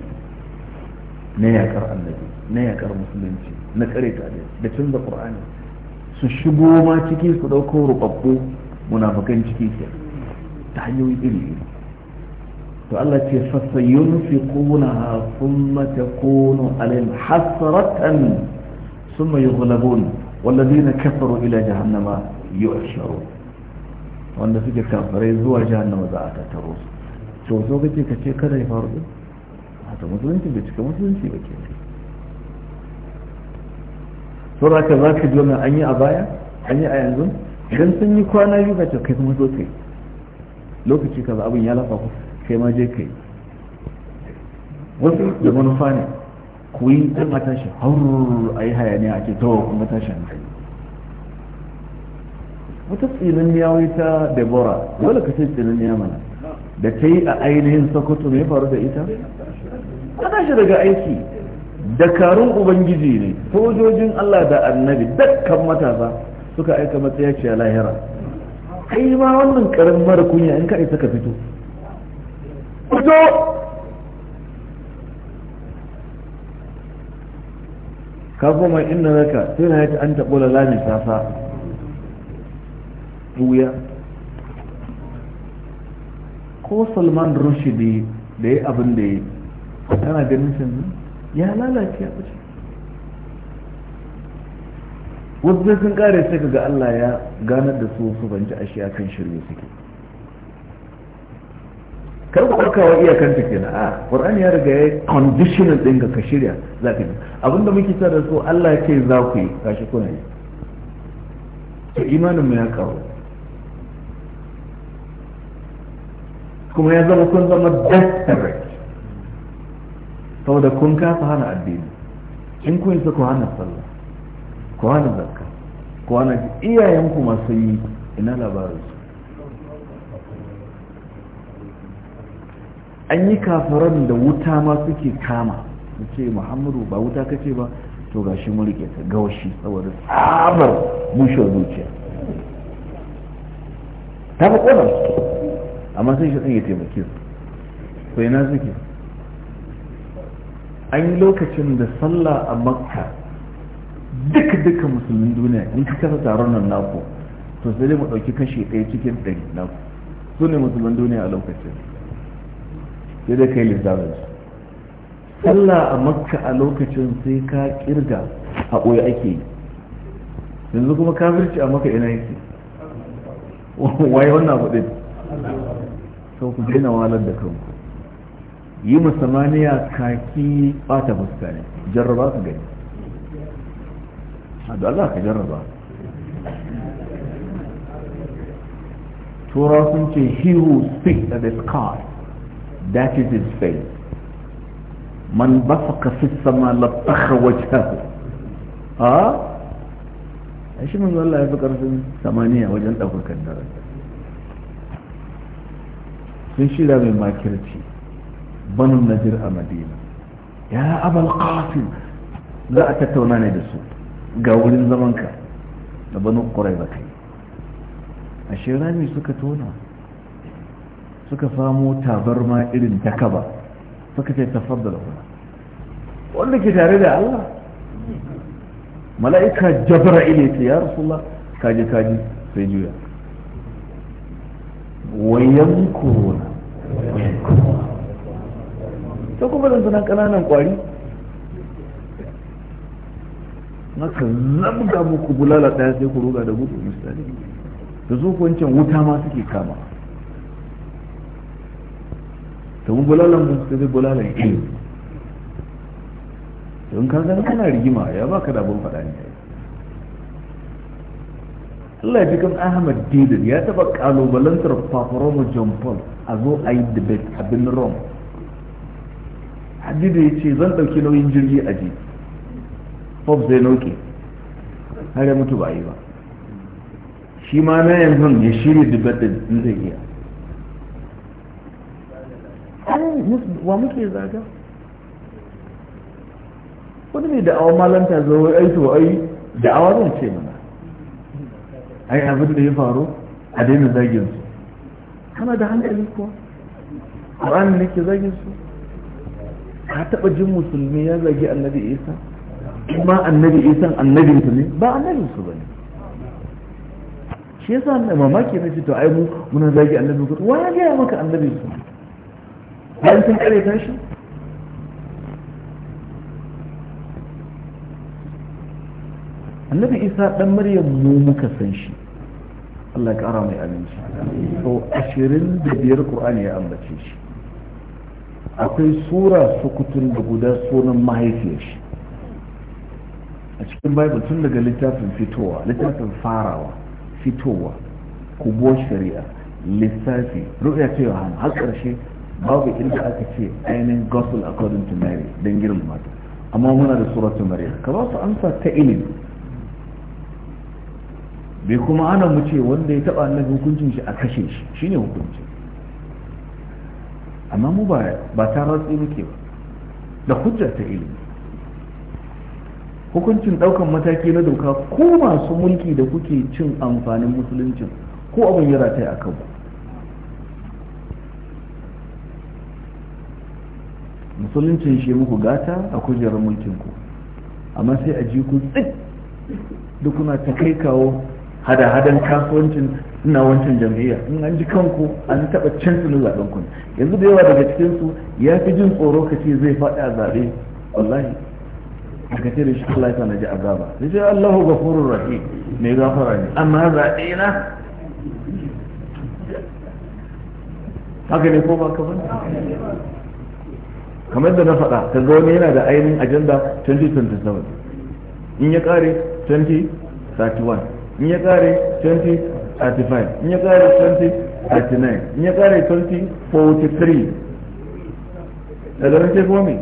na yakar annabi na yakar musulunci na kare ta da canza ƙur'ani su shigo ma ciki su ɗauko rubabbu munafukan ciki kenan تحيوي إلي فالتي فسينفقونها ثم تكون عليهم حسرة ثم يغلبون والذين كفروا إلى جهنم يؤشرون وأن فيك كفر يزوى جهنم ذاك تروس شو سوى بيتي كتير كده يفارد حتى مسلمين تبيت كمسلمين تبيت سورة كذاك اليوم أني أبايا أني أينزل جنسني كوانا يوكا كيف مسلمين lokaci kaza abin ya lafa kai ma je kai wasu da manufa ne ku yi ɗan a tashi haurur a yi hayaniya ake tawa kuma tashi wata tsinin yawai ta debora dole ka ce tsinin ya mana da ta yi a ainihin sokoto mai faru da ita ta tashi daga aiki dakarun ubangiji ne sojojin allah da annabi dakkan matasa suka aika matsayaciya lahira kai ma wannan karin mara kunya in ka isa ka fito fito ka mai inda zaka sai na yace an taɓo lalami sasa wuya ko salman rushidi da ya abin da ya tana ganin shi ya lalace a ɓace wasu sai sun kare sai kaga Allah ya ganar da su su banci ashiya kan shirye suke kar ku iyakan iyakanta kenan a ah, Qur'an ya riga ya conditional ga ka shirya za ka yi abinda muke sa da su Allah ce za ku yi kashi kuna yi to imanin mu ya kawo kuma ya zama kun zama desperate saboda kun kafa hana addini in kun su ku hana sallah kowa na zakka kowa na iyayenku masu yi ina labarin su an yi kafaran da wuta ma suke kama su ce muhammadu ba wuta ka ce ba to ga shi mulke ta gaushi saboda tsabar bushe zuciya ta fi ƙonar amma sai shi ya taimake su ko ina suke an yi lokacin da sallah a makka duka duka musulmin duniya in ka kasa taron nan naku to sai mu ɗauki kashi ɗaya cikin ɗari naku su ne musulmin duniya a lokacin sai dai kai lissafin sallah a makka a lokacin sai ka kirga a ɓoye ake yi yanzu kuma kafirci a maka ina yake waye wannan abu ɗin sau ku daina walar da kanku yi musamaniya kaki ɓata fuska ne jarraba su gani هذا لا تجربه تراث انتي he who speaks at ذا sky that is his faith من بفق في السماء لطخ وجهه ها ايش من يقول الله يفكر في ثمانية وجل دفك الدرجة فنشي لا بما كرتي بنو النذير أمدينة يا أبا القاسم لا أتتونان بسوط ga wurin zamanka da banu ƙurai ba kai a shirami suka tona suka samo tabarma irin ta kaba suka ce tafar da lahuna wanda ke tare da Allah mala'ika jabra'il ya ya rasulullah kaji kaji sai juya wayan korona ta kuma zanzanan ƙananan ƙwari maka zabga muku bulala daya sai ku ruga da gudu misali da su wancan wuta ma suke kama ta mu bulalan mu sai bulalan ilimi don ka zan kana rigima ya ba da abun faɗa ne Allah ya fi kan Ahmad Didan ya taɓa ƙalubalantar Paparomo John Paul a zo a yi debate a bin Rome. Hadidu ya ce zan ɗauki nauyin jirgi a jiki. pop zai nauke har ya mutu ba yi ba shi ma na yanzu ya shirya dubbar da zai iya wa muke zaga wani mai da'awa malanta zo ai to ai da'awa zan ce mana ai abin da ya faru a daina zagin su kana da hankali kuwa ƙwararri ne ke zagin su ka taɓa jin musulmi ya zagi annabi isa in ma annabi isan annabinsu ne ba su ba ne shi yasa na mamaki na ce to ai mu muna zagi annabi ku wa ya gaya maka annabinsu bayan sun kare shi. annabi isa dan maryam mu muka san shi Allah ya kara mai aminci so 25 Qur'ani ya ambace shi akwai sura sukutun da guda sunan mahaifiyar shi a cikin bible tun daga littafin fitowa littafin farawa fitowa kubuwar shari'a lissafi ru'ya ce yohana har ƙarshe babu inda aka ce ainihin gospel according to mary don girma mata amma muna da suratun maryam ka ba su amsa ta ilimi bai kuma ana mu ce wanda ya taba annabi hukuncin shi a kashe shi shine hukunci amma mu ba ta ratsi muke ba da hujja ta ilimi hukuncin daukan mataki na doka ko masu mulki da kuke cin amfanin musuluncin ko abin ta yi a kanku musuluncin shi muku gata a kujerar mulkinku amma sai a ji ku tsik duk kuna ta kai kawo hada-hadan kasuwancin ina wancan jam'iyya in an ji kanku an taɓa can su zaɓen yanzu da yawa daga cikinsu ya fi jin tsoro ka ce zai faɗi a zaɓe wallahi daga ce da shi Allah ya sa ji azaba ya ce Allahu gafurur rahim mai gafara ne amma zaɓe na haka ne ko ba ka ba kamar da na faɗa ka ga wani yana da ainihin ajanda 2027 in ya ƙare 2031 in ya ƙare 2035 in ya ƙare 2039 in ya ƙare 2043 daga nan sai kuma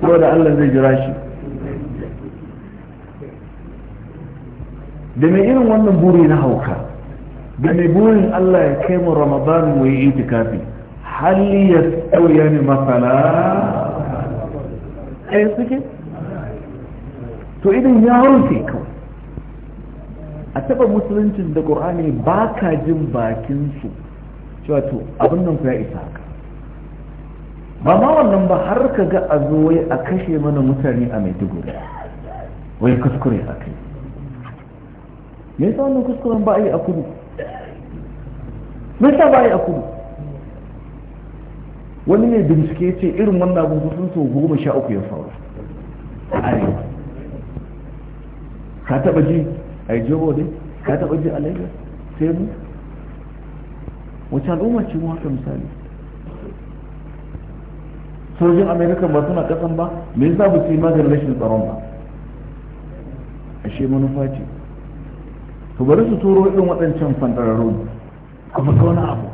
ko da Allah zai jira shi da mai irin wannan buri na hauka da mai burin Allah ya kai mu Ramadan mu yi itikafi hali ya tsauya ne masala ɗaya eh, suke to idan ya rufe kawai a taɓa musuluncin da ƙur'ani ba ka jin bakinsu cewa to abin nan isa ka ba ma wannan ba har ka ga a zo wai a kashe mana mutane a maiduguri wai kuskure a kai me yasa wannan kuskuren ba a yi a kudu me yasa ba a yi a kudu wani ne bincike ce irin wannan abin kusan sau goma sha uku ya faru a arewa ka taba ji a yi jobo dai ka taba ji a lagos sai mu wacce al'umma ce mu haka misali sojin amerika ba suna kasan ba me yasa ba su yi maganin rashin tsaron ba ashe manufa ce to bari su turo irin waɗancan fantararrun a fata wani abu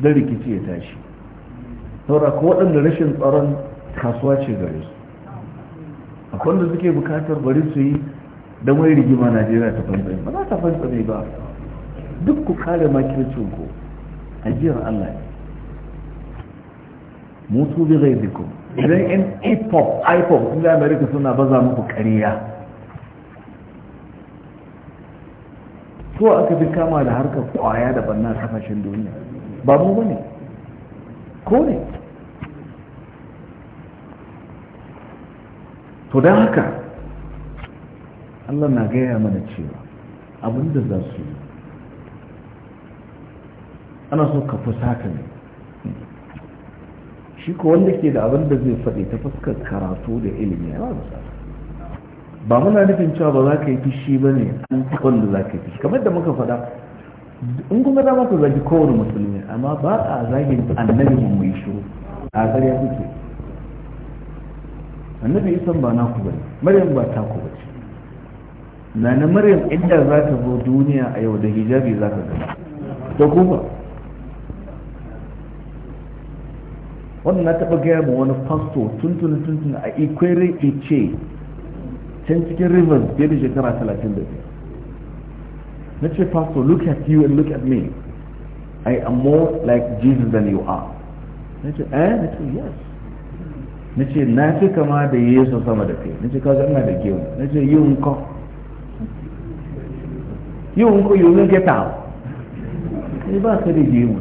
don rikici ya tashi saura ko waɗanda rashin tsaron kasuwa ce gare su akwai wanda suke bukatar bari su yi don wai rigima najeriya ta fantsami ba za ta fantsami ba duk ku kare makircin ku ajiyar allah mutu bi zai idan yan ipop ipop inda amerika suna baza muku kariya so aka fi kama da harkar kwaya da banna kasashen duniya ba mu bane ko ne to don haka Allah na gaya mana cewa abinda za su yi ana so ka fi saka ne shi ko wanda ke da abinda zai faɗi ta fuskar karatu da ilimi ya ba ba muna nufin cewa ba za ka yi fushi ba ne an taɓa da za ka yi fushi kamar da muka faɗa in kuma za ku zagi kowane musulmi amma ba a zagin annabi mu mai shiru a zariya kuke annabi isan ba na ku bane maryam ba ta ku bace na na maryam inda za ta zo duniya a yau da hijabi za ka gani da kuma wannan na taɓa gaya ma wani fasto tuntun tuntun a ikwere ce. can cikin rivers fiye da shekara talatin da biyar na ce pastor look at you and look at me I am more like Jesus than you are na ce eh na ce yes na ce na fi kama da Yesu sama da kai na ce ka ina da kewa na ce yi nko yi nko yi nko get out ni ba ka da gemu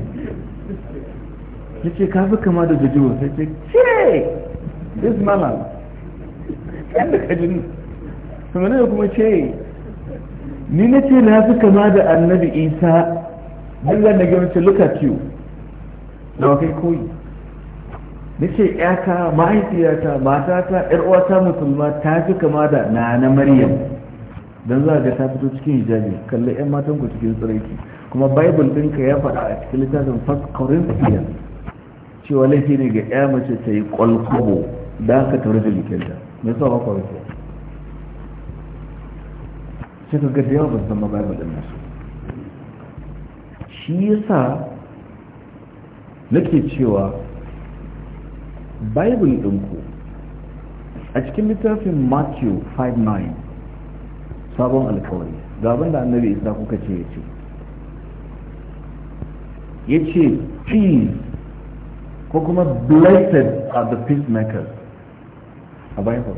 na ce ka fi kama da jujuwa sai ce ce this man. malam yadda ka jini to ne kuma ce ni na ce na fi kama da annabi isa duk da nage look at you da kai koyi na ce yata mahaifiyata matata yar uwata musulma ta fi kama da nana maryam dan za ga ta fito cikin hijabi kalle yan matan ku cikin tsiraici kuma bible ka ya faɗa a cikin littafin first corinthians cewa laifi ne ga ya mace ta yi kwalkwabo da aka tauri da me sa ba kwalkwabo sai ka ga da yawa ba san ma masu nasu shi yasa nake cewa bible ɗinku a cikin littafin matthew 5:9 sabon alkawari ga abin da annabi isa kuka ce ya ce ya ce peace ko kuma blessed are the peacemakers a bible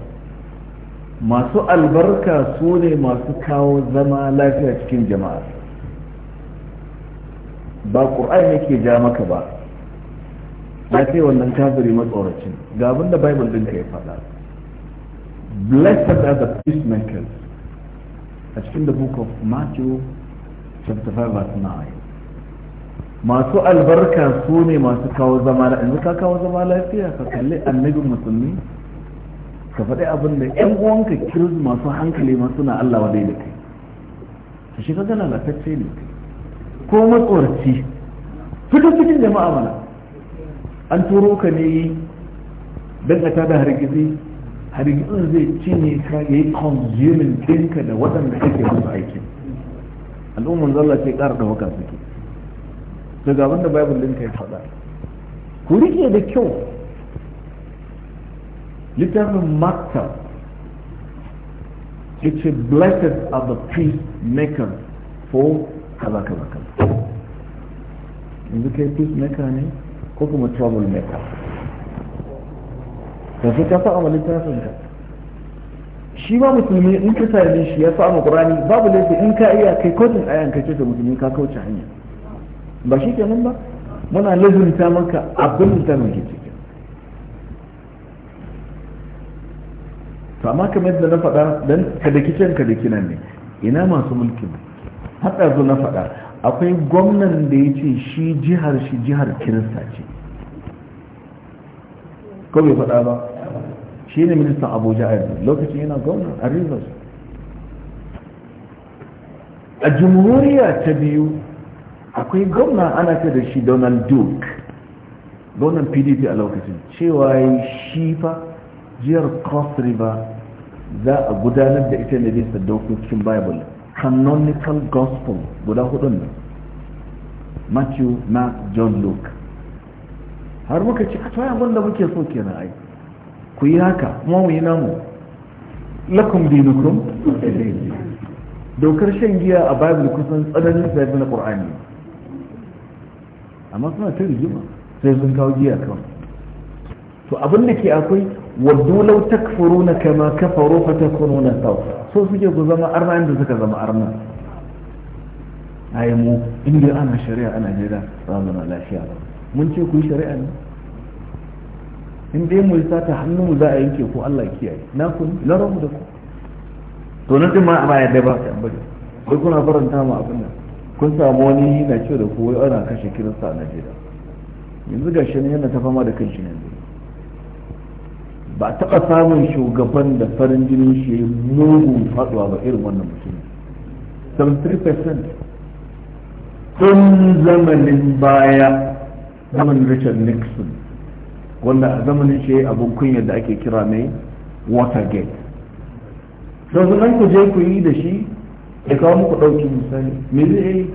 masu albarka su ne masu kawo zama lafiya cikin jama'a ba ƙur'ai ne ke ja maka ba ya ce wannan kafiri matsoracin ga abin da bible ka ya faɗa blessed are the peacemakers a cikin the book of matthew chapter 5 verse 9 masu albarka su ne masu kawo zama lafiya ka kawo zama lafiya ka kalli annabin musulmi ka faɗi abin da ƴan uwanka kiris masu hankali ma suna Allah wadai da kai Ka shiga kaga lalatacce ne ko matsoraci fitar cikin jama'a mana an turo ka ne don ka tada hargizi hargitsin zai cinye ka ya yi consuming ɗinka da waɗanda kake musu aiki al'ummar zalla ce ƙara da waka suke daga abin da bible ɗinka ya faɗa ku rike da kyau terme maktab it is blessed of the peacemakers for kaza kaza kaza yanzu kai peacemaker ne ko kuma troublemaker da su ka fa'a littafin ka shi ma musulmi in ka same shi ya fa'a qur'ani babu laifi in ka iya kai kotun ayan ka ce da musulmi ka kauce hanya ba shi kenan ba muna lazumta maka abin da ta muke to amma kamar yadda na faɗa dan kadakicen kadakinan ne ina masu mulkin haɗa zo na faɗa akwai gwamnan da ya ce shi jihar shi jihar kirista ce ko bai faɗa ba shi ne ministan abuja a yanzu lokacin yana gwamnan a rivers a jamhuriya ta biyu akwai gwamna ana ta da shi donald duke gwamnan pdp a lokacin cewa shi fa jiyar cross river za a gudanar da ita ne bisa dokokin bible canonical gospel guda hudun nan, matthew na john luke har muka ci kata abin da muke so kenan ai ku yi haka kuma mu yi namu lakum dinukum dokar shan giya a bible kusan tsananin sayar na qur'ani amma suna ta rigima sai sun kawo giya kawai to abin da ke akwai waddu law takfuruna kama kafaru na sau. so suke ku zama arna inda suka zama arna ayi mu inda ana shari'a a Najeriya za mu na lafiya ba mun ce ku yi shari'a ne in dai mu sata hannu mu za a yanke ko Allah kiyaye na ku na rabu da ku to na din ma a baya dai ba ta bari wai kuna faranta mu abin nan kun samu wani na ce da ku wai ana kashe kirista a Najeriya yanzu gashi ne yana ta fama da kanshi yanzu. ba a taɓa samun shugaban da farin jinin shi mugun faɗuwa ba irin wannan mutum 73% tun zamanin baya zamanin richard nixon wanda a zamanin shi abin kunya da ake kira mai watergate sau nan ku je ku yi da shi ya kawo muku ɗauki misali me zai yi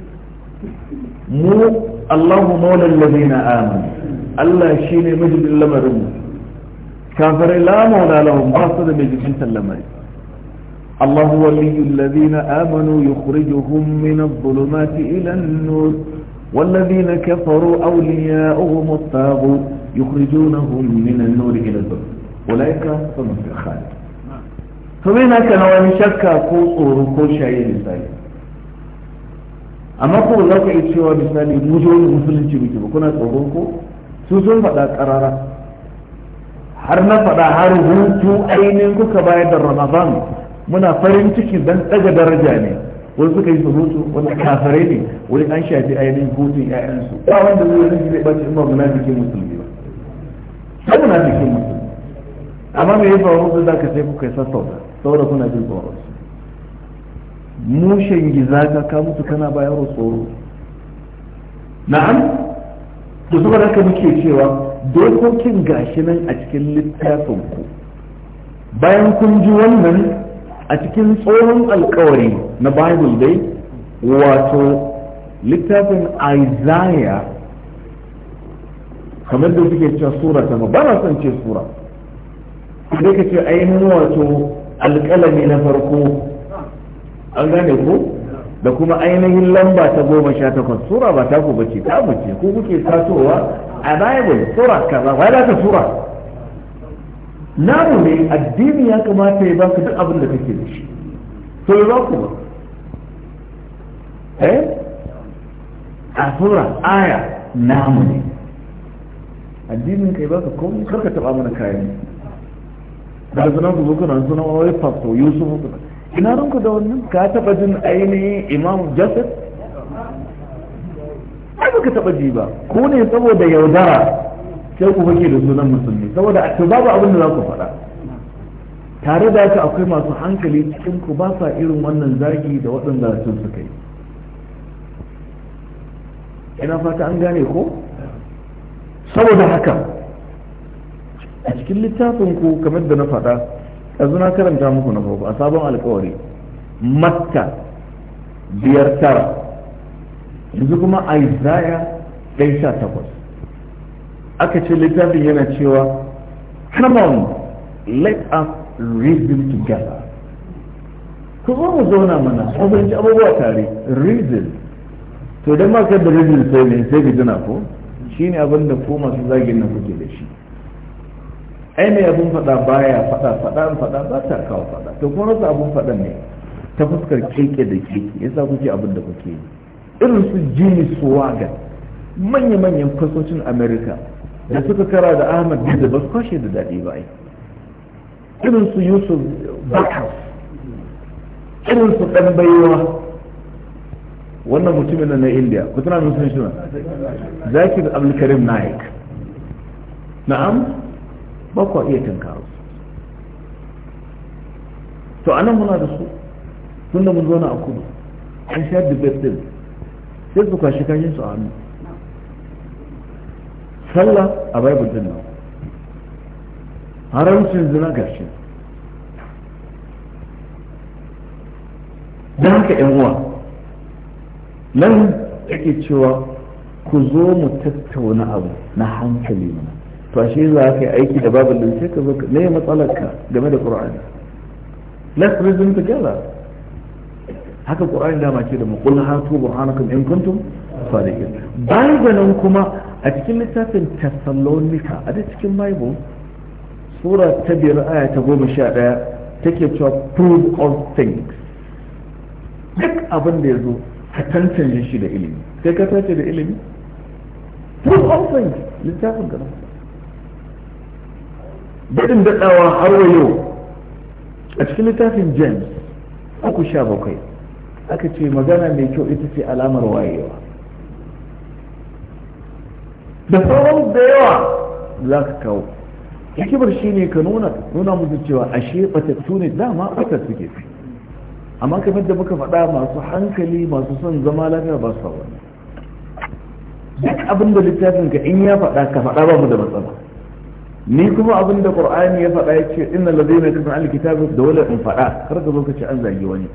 mu allahu maulan ladina Amin, allah shi ne shine lamarin lamarinmu كافر لا مولى لهم باسد مجمعين تلمي الله هو ولي الذين آمنوا يخرجهم من الظلمات إلى النور والذين كفروا أولياؤهم الطاغوا يخرجونهم من النور إلى الظلم أولئك صنع في الخالق فبين كان ومشكا قصور كل شيء نسائي أما قول لك إتشوى نسائي مجرون مسلم كنا تغنكو سوزون بدأ قرارات har na faɗa har hutu ainihin kuka bayar da ramadan muna farin ciki dan ɗaga daraja ne wani suka yi su hutu wani kafare ne wani an shafi ainihin hutun ƴaƴansu ba wanda zai yi zai ɓace in ba munafikin musulmi ba sai munafikin musulmi amma me ya faru da ka sai kuka sassauta saboda kuna jin tsoron su mushen gizaka ka ka mutu kana bayar tsoro na'am to saboda haka muke cewa dokokin gashi nan a cikin littafin ku bayan kun ji wannan a cikin tsohon alkawari na bible dai wato littafin isaiah kamar da suke cewa sura ta ba na son ce sura dai ka ce ainihin wato alkalami na farko an gane ko da kuma ainihin lamba ta goma sha takwas sura ba ta ku ce ta ce ko kuke tasowa a bible sura kaza wai za ta sura namu ne addini ya kamata ya ba ka duk abin da kake da shi to ya ba ku ba eh a sura aya namu ne addinin ka ya baka komai karka taba mana kayan da sunan ku zo kana sunan wani pastor yusuf ina ranku da wannan ka taba jin ainihin imam jasad ai baka taba ji ba ko ne saboda yaudara sai ku fake da sunan musulmi saboda a babu abin da za ku faɗa tare da haka akwai masu hankali cikin ku ba sa irin wannan zagi da waɗanda sun suka yi ina fata an gane ko saboda haka a cikin littafin ku kamar da na faɗa yanzu na karanta muku na farko a sabon alkawari makka biyar tara yanzu kuma a isaiah ɗaya sha takwas aka ce littafin yana cewa come on let us reason together ku zo mu zauna mana abinci abubuwa tare reason to don ma da reason sai ne sai ku jina ko shine abinda ko masu zagin na kuke da shi ai mai abun faɗa baya faɗa faɗa faɗa ba ta kawo faɗa to kuma rasa abun faɗa ne ta fuskar keke da keke yasa kuke abin da kuke yi irin su jini suwaga manya-manyan fasocin amerika da suka kara da ahmad da ba su kwashe da daɗi ba irin su yusuf bakas irin su ɗan baiwa wannan mutumin na india ku tana nusun shi zakir abdulkarim naik na'am ba kuwa iya tunkaro to anan muna da su tun da mun zo na kudu an sha dubet din sai su kwashi kashin su a hannu sallah a bible din nan haramcin zina gashi don haka yan uwa nan yake cewa ku zo mu tattauna abu na hankali mana to shi za ka yi aiki da babu da sai ka zo ka me ka game da qur'ani let's reason together haka qur'ani dama ce da mu qul hatu burhanakum in kuntum sadiqin bayan kuma a cikin littafin Thessalonica a da cikin Bible sura ta biyar aya ta goma sha ɗaya take cewa prove all things duk abin da ya zo ka tantance shi da ilimi sai ka tace da ilimi prove all things littafin ka daɗin daɗawa har wa yau a cikin littafin james uku sha bakwai aka ce magana mai kyau ita ce alamar wayewa da sauran da yawa za ka kawo hikimar shi ne ka nuna nuna musu cewa ashe bata ne dama batar suke fi amma kamar da muka faɗa masu hankali masu son zama lafiya ba su duk abin da littafin ka in ya faɗa ka faɗa ba mu da matsala ni kuma abin da qur'ani ya faɗa yace innal ladina yakfuruna alkitaba dole in faɗa kar ka zo ka ce an zagi wani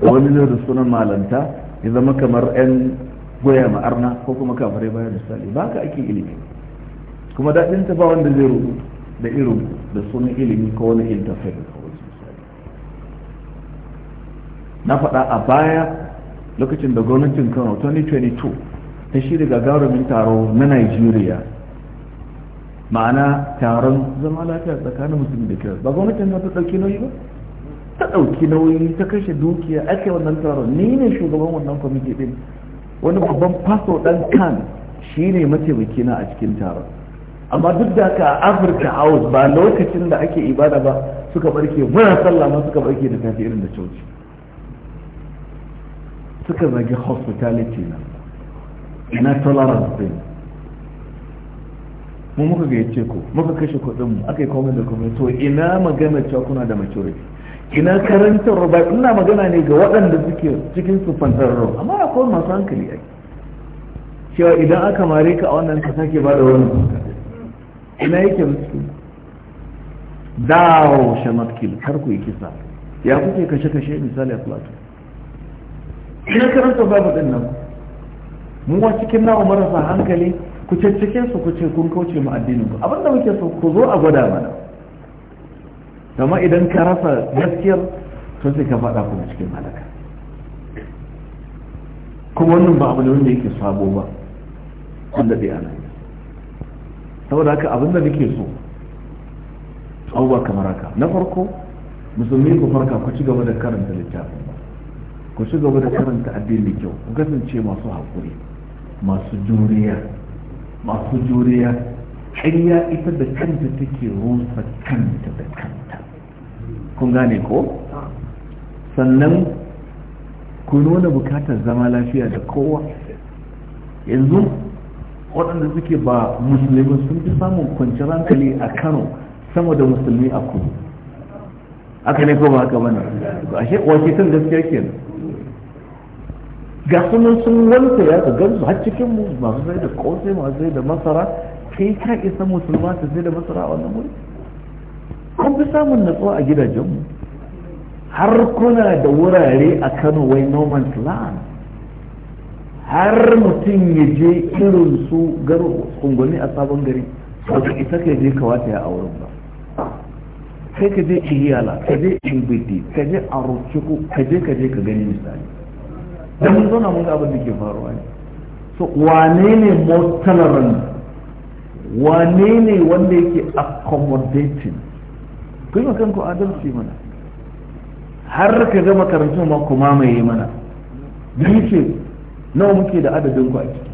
wani ne da sunan malanta ya zama kamar yan goya ma'arna ko kuma kafare bayan misali ba ka ake ilimi kuma daɗin ta ba wanda zai rubu da irin da sunan ilimi ko wani interfaith na faɗa a baya lokacin da gwamnatin kano 2022 ta shirya gagarumin taro na nigeria ma'ana taron zama lafiya tsakanin mutum da kira ba gwamnatin ta ɗauki nauyi ba ta ɗauki nauyi ta kashe dukiya ake wannan taron ni ne shugaban wannan kwamiti ɗin wani babban faso ɗan kan shi ne mataimaki na a cikin taron amma duk da ka a afirka house ba lokacin da ake ibada ba suka barke muna sallah ma suka barke da tafi irin da coci suka zagi hospitality na ina tolerance din mu muka gayyace ku muka kashe kuɗin mu aka yi komai da komai to ina magana cewa kuna da maturity ina karantar ruba ina magana ne ga waɗanda suke cikin su fantararru amma akwai masu hankali ai cewa idan aka mare ka a wannan ka sake ba da wani ina yake musu dawo shamakil kar ku yi kisa ya kuke kashe kashe misali a plato ina karantar babu ɗin nan mu wa cikin na'umarsa hankali ku caccake su ku ce kun kauce mu addinin ku abinda muke so ku zo a gwada mana amma idan ka rasa gaskiyar to sai ka faɗa kuma cikin halaka kuma wannan ba abu ne wanda yake sabo ba an daɗe ana yi saboda haka abinda muke so ba kamar haka na farko musulmi ku farka ku ci gaba da karanta littafin ba ku ci gaba da karanta addini kyau ku kasance masu haƙuri masu juriya masu juriya ƙarya ita da kanta take rusa kanta da kanta kun gane ko sannan ku nuna bukatar zama lafiya da kowa yanzu waɗanda suke ba musulmi sun fi samun kwanciyar hankali a kano sama da musulmi a kudu aka ne ko ba haka bane ashe kwace tun gaskiya kenan ga sunan sun wanta ya gan su har cikin mu masu sai da kosai masu sai da masara kai ka isa musulma ta sai da masara a wannan wuri kun fi samun natsuwa a mu har kuna da wurare a kano wai no man's land har mutum ya je irin su garo kungoni a sabon gari ba ka isa ka je kawata ya wurin ba sai ka je ihiyala ka je ingidi ka je a ka je ka je ka gani misali da mun zauna mun ga abin da ke faruwa ne so wane ne most tolerant wane ne wanda yake accommodating ku yi kanku adalci mana har ka gama makarantu ma ku mamaye mana biyu ce nawa muke da adadin ku a ciki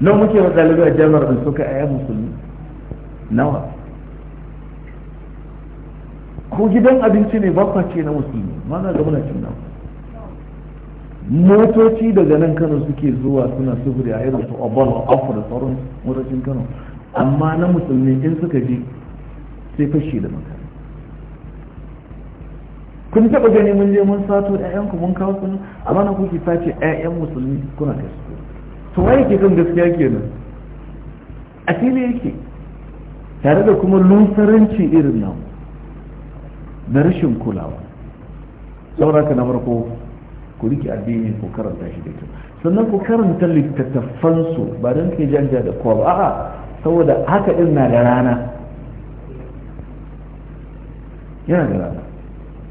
nawa muke wa dalibai a jami'ar da suka aya musulmi nawa ko gidan abinci ne ce na musulmi ma za ga muna cin nawa motoci daga nan kano suke zuwa suna sufuri a irin su obal afu da sauran motocin kano amma na musulmi in suka bi sai fashi da maka kun taba gani mun je mun sato ƴaƴanku mun kawo su amma na kuke sace ƴaƴan musulmi kuna kashe to wa ke kan gaskiya kenan a fili yake tare da kuma lusaranci irin namu da rashin kulawa saboda ka na farko ku riƙe addini ku karanta shi da kyau sannan ku karanta littattafansu ba don ke janja da kowa ba a'a saboda haka din na da rana yana da rana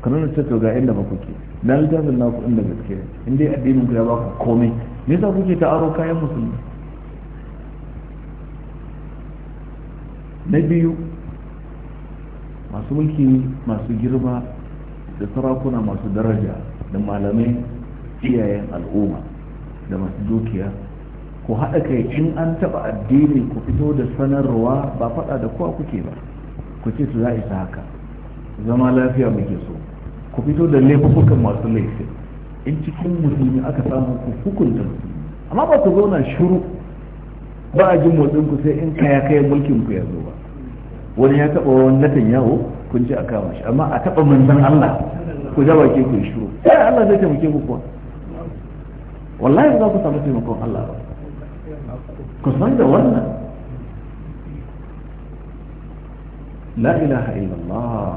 kamar da to ga inda ba kuke na littafin na ku inda gaske in dai addinin ku ya ba ku komai me yasa kuke ta aro kayan musulmi na biyu masu mulki masu girma da sarakuna masu daraja da malamai iyayen al'umma da masu dukiya ku haɗa kai in an taɓa addini ku fito da sanarwa ba faɗa da kowa kuke ba ku ce su za isa haka zama lafiya muke so ku fito da laifukan masu laifi in cikin musulmi aka samu ku hukunta amma ba ku zauna shiru ba a jin motsin ku sai in kaya kayan mulkin ku ya zo ba wani ya taɓa wani wannan yawo kun ce a kama shi amma a taɓa manzan Allah ku ja baki ku yi shiru sai Allah zai taimake ku kuwa wallahi za ku samu taimakon Allah ba ku san da wannan la ilaha illallah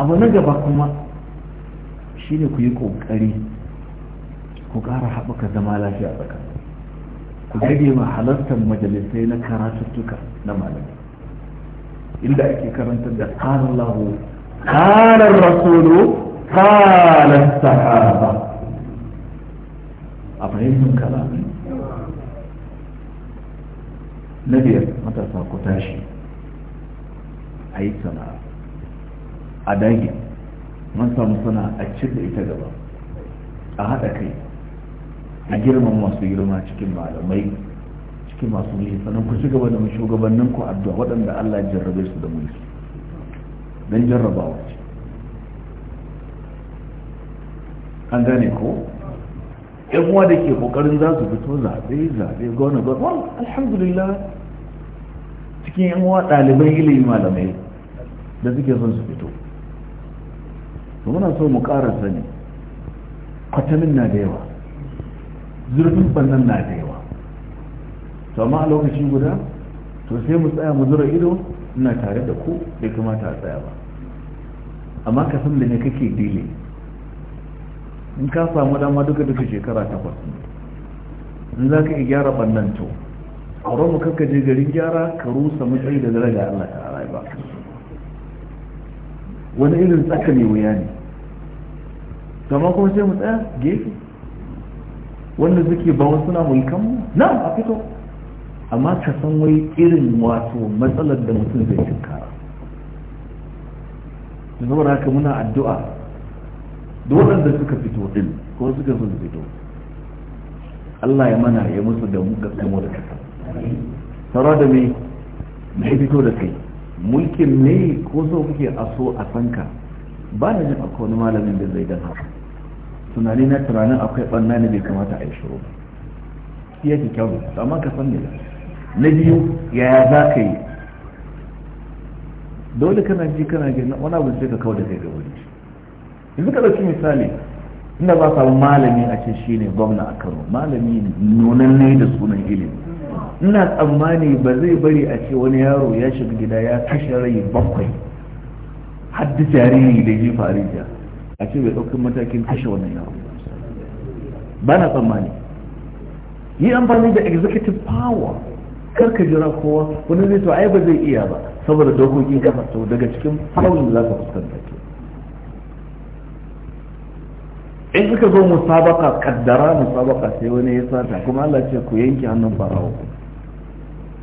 abu na gaba kuma shine ku yi kokari ku ƙara haɓaka zama lafiya tsakanin ku gage ma halartar majalisai na karatuttuka na malamai inda ake karantar da tsarin lahu tsarin rasulu tsarin sahaba a fahimtar kaza na biyar matasa ku tashi a yi sana'a a dage man samu sana'a a cikin ita gaba a haɗa kai a girman masu girma cikin malamai cikin masu mulki sannan ku ci gaba da shugabannin ku addu'a waɗanda Allah ya jarrabe su da mulki don jarrabawa ce an gane ko yan uwa da ke kokarin za su fito zaɓe zaɓe gona gona alhamdulillah cikin yan uwa ɗaliban ilimi malamai da suke son su fito to muna so mu ƙara sani kwatamin na da yawa zurfin ɓannan na da yawa to amma a lokaci guda to sai mu tsaya mu zura ido ina tare da ku bai kamata a tsaya ba amma ka san da ne kake dile in ka samu dama duka duka shekara takwas in za ka yi gyara ɓannan to a romu kanka je garin gyara ka rusa matsayi da daraja Allah ta rayuwa. wani irin tsaka ne wuya ne kama kuma sai mu tsaya gefe wanda suke ba wasu na mulkan mu na a fito amma ka san wai irin wato matsalar da mutum zai tunkara saboda haka muna addu'a da waɗanda suka fito din ko suka zo da fito Allah ya mana ya musu da muka kamo da kasa tara da me da fito da kai mulkin ne ko so kuke a so a sanka ba na jin akwai wani malamin da zai dan haka tunani na tunanin akwai ɓanna ne bai kamata a yi shiru shi yake kyau amma ka san ne na biyu yaya za ka yi dole kana ji kana gina wani abu sai ka kawo da kai ga wani yanzu ka ɗauki misali inda ba samu malami a ce shi ne gwamna a kano malami ne da sunan ilimi ina tsammani ba zai bari a ce wani yaro ya shiga gida ya kashe rai bakwai haddi jariri da ji farija a ce bai ɗauki matakin kashe wannan yaro ba na tsammani yi amfani da executive power kar ka jira kowa wani zai to ai ba zai iya ba saboda dokokin kafa to daga cikin da za ka fuskanta in suka zo musabaka kaddara musabaka sai wani ya sata kuma Allah ce ku yanke hannun barawo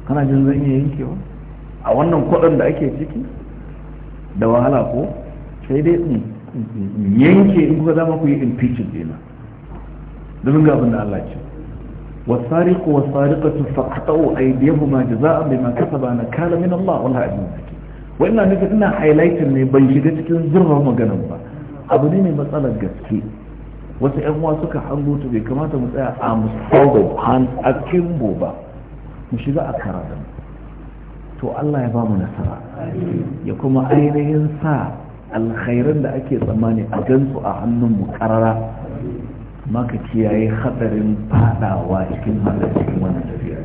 kana jin zan iya yankewa a wannan kudin da ake ciki da wahala ko sai dai in yanke in kuka zama ku yi impeachment dina domin ga abin da Allah ce aydihuma والسارقة bima kasaba na kala min Allah wallahi الله wa inna وإنا ina highlighting ne ban shiga cikin zurrar maganan ba abu ne mai matsalar gaske wasu yan uwa suka hango to bai kamata mu tsaya a musawo a akimbo ba mu shiga a karatu to Allah ya ba mu nasara ya kuma ainihin sa alkhairan da ake tsammani a gansu a hannun mu karara maka kiyaye hadarin fadawa cikin halar cikin wannan tafiya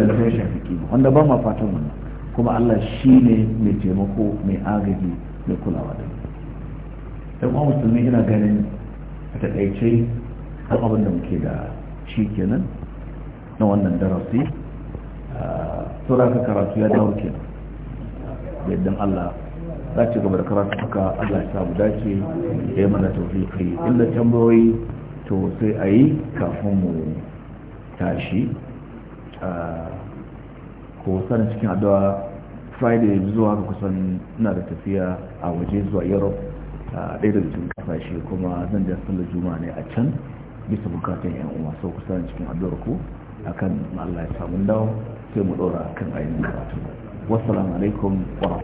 da da sai shafi kima wanda ba ma fatan wannan kuma Allah shi ne mai taimako mai agaji mai kulawa da mu uwa musulmi ina ganin a taɗaice har abin da muke da shi kenan na wannan darasi saura ka karatu ya dawo kenan yadda Allah za ci gaba da karatu haka Allah ya samu dace ya yi mana taufiƙi inda tambayoyi to sai a yi kafin mu tashi ko sanin cikin addu'a friday zuwa kusan ina da tafiya a waje zuwa europe a ɗaya daga cikin kasashe kuma zan da sallar juma'a ne a can bisa bukatun yan uwa sau kusa cikin addu'ar ku akan Allah ya samu dawo sai mu ɗora kan ainihin karatu wassalamu alaikum wa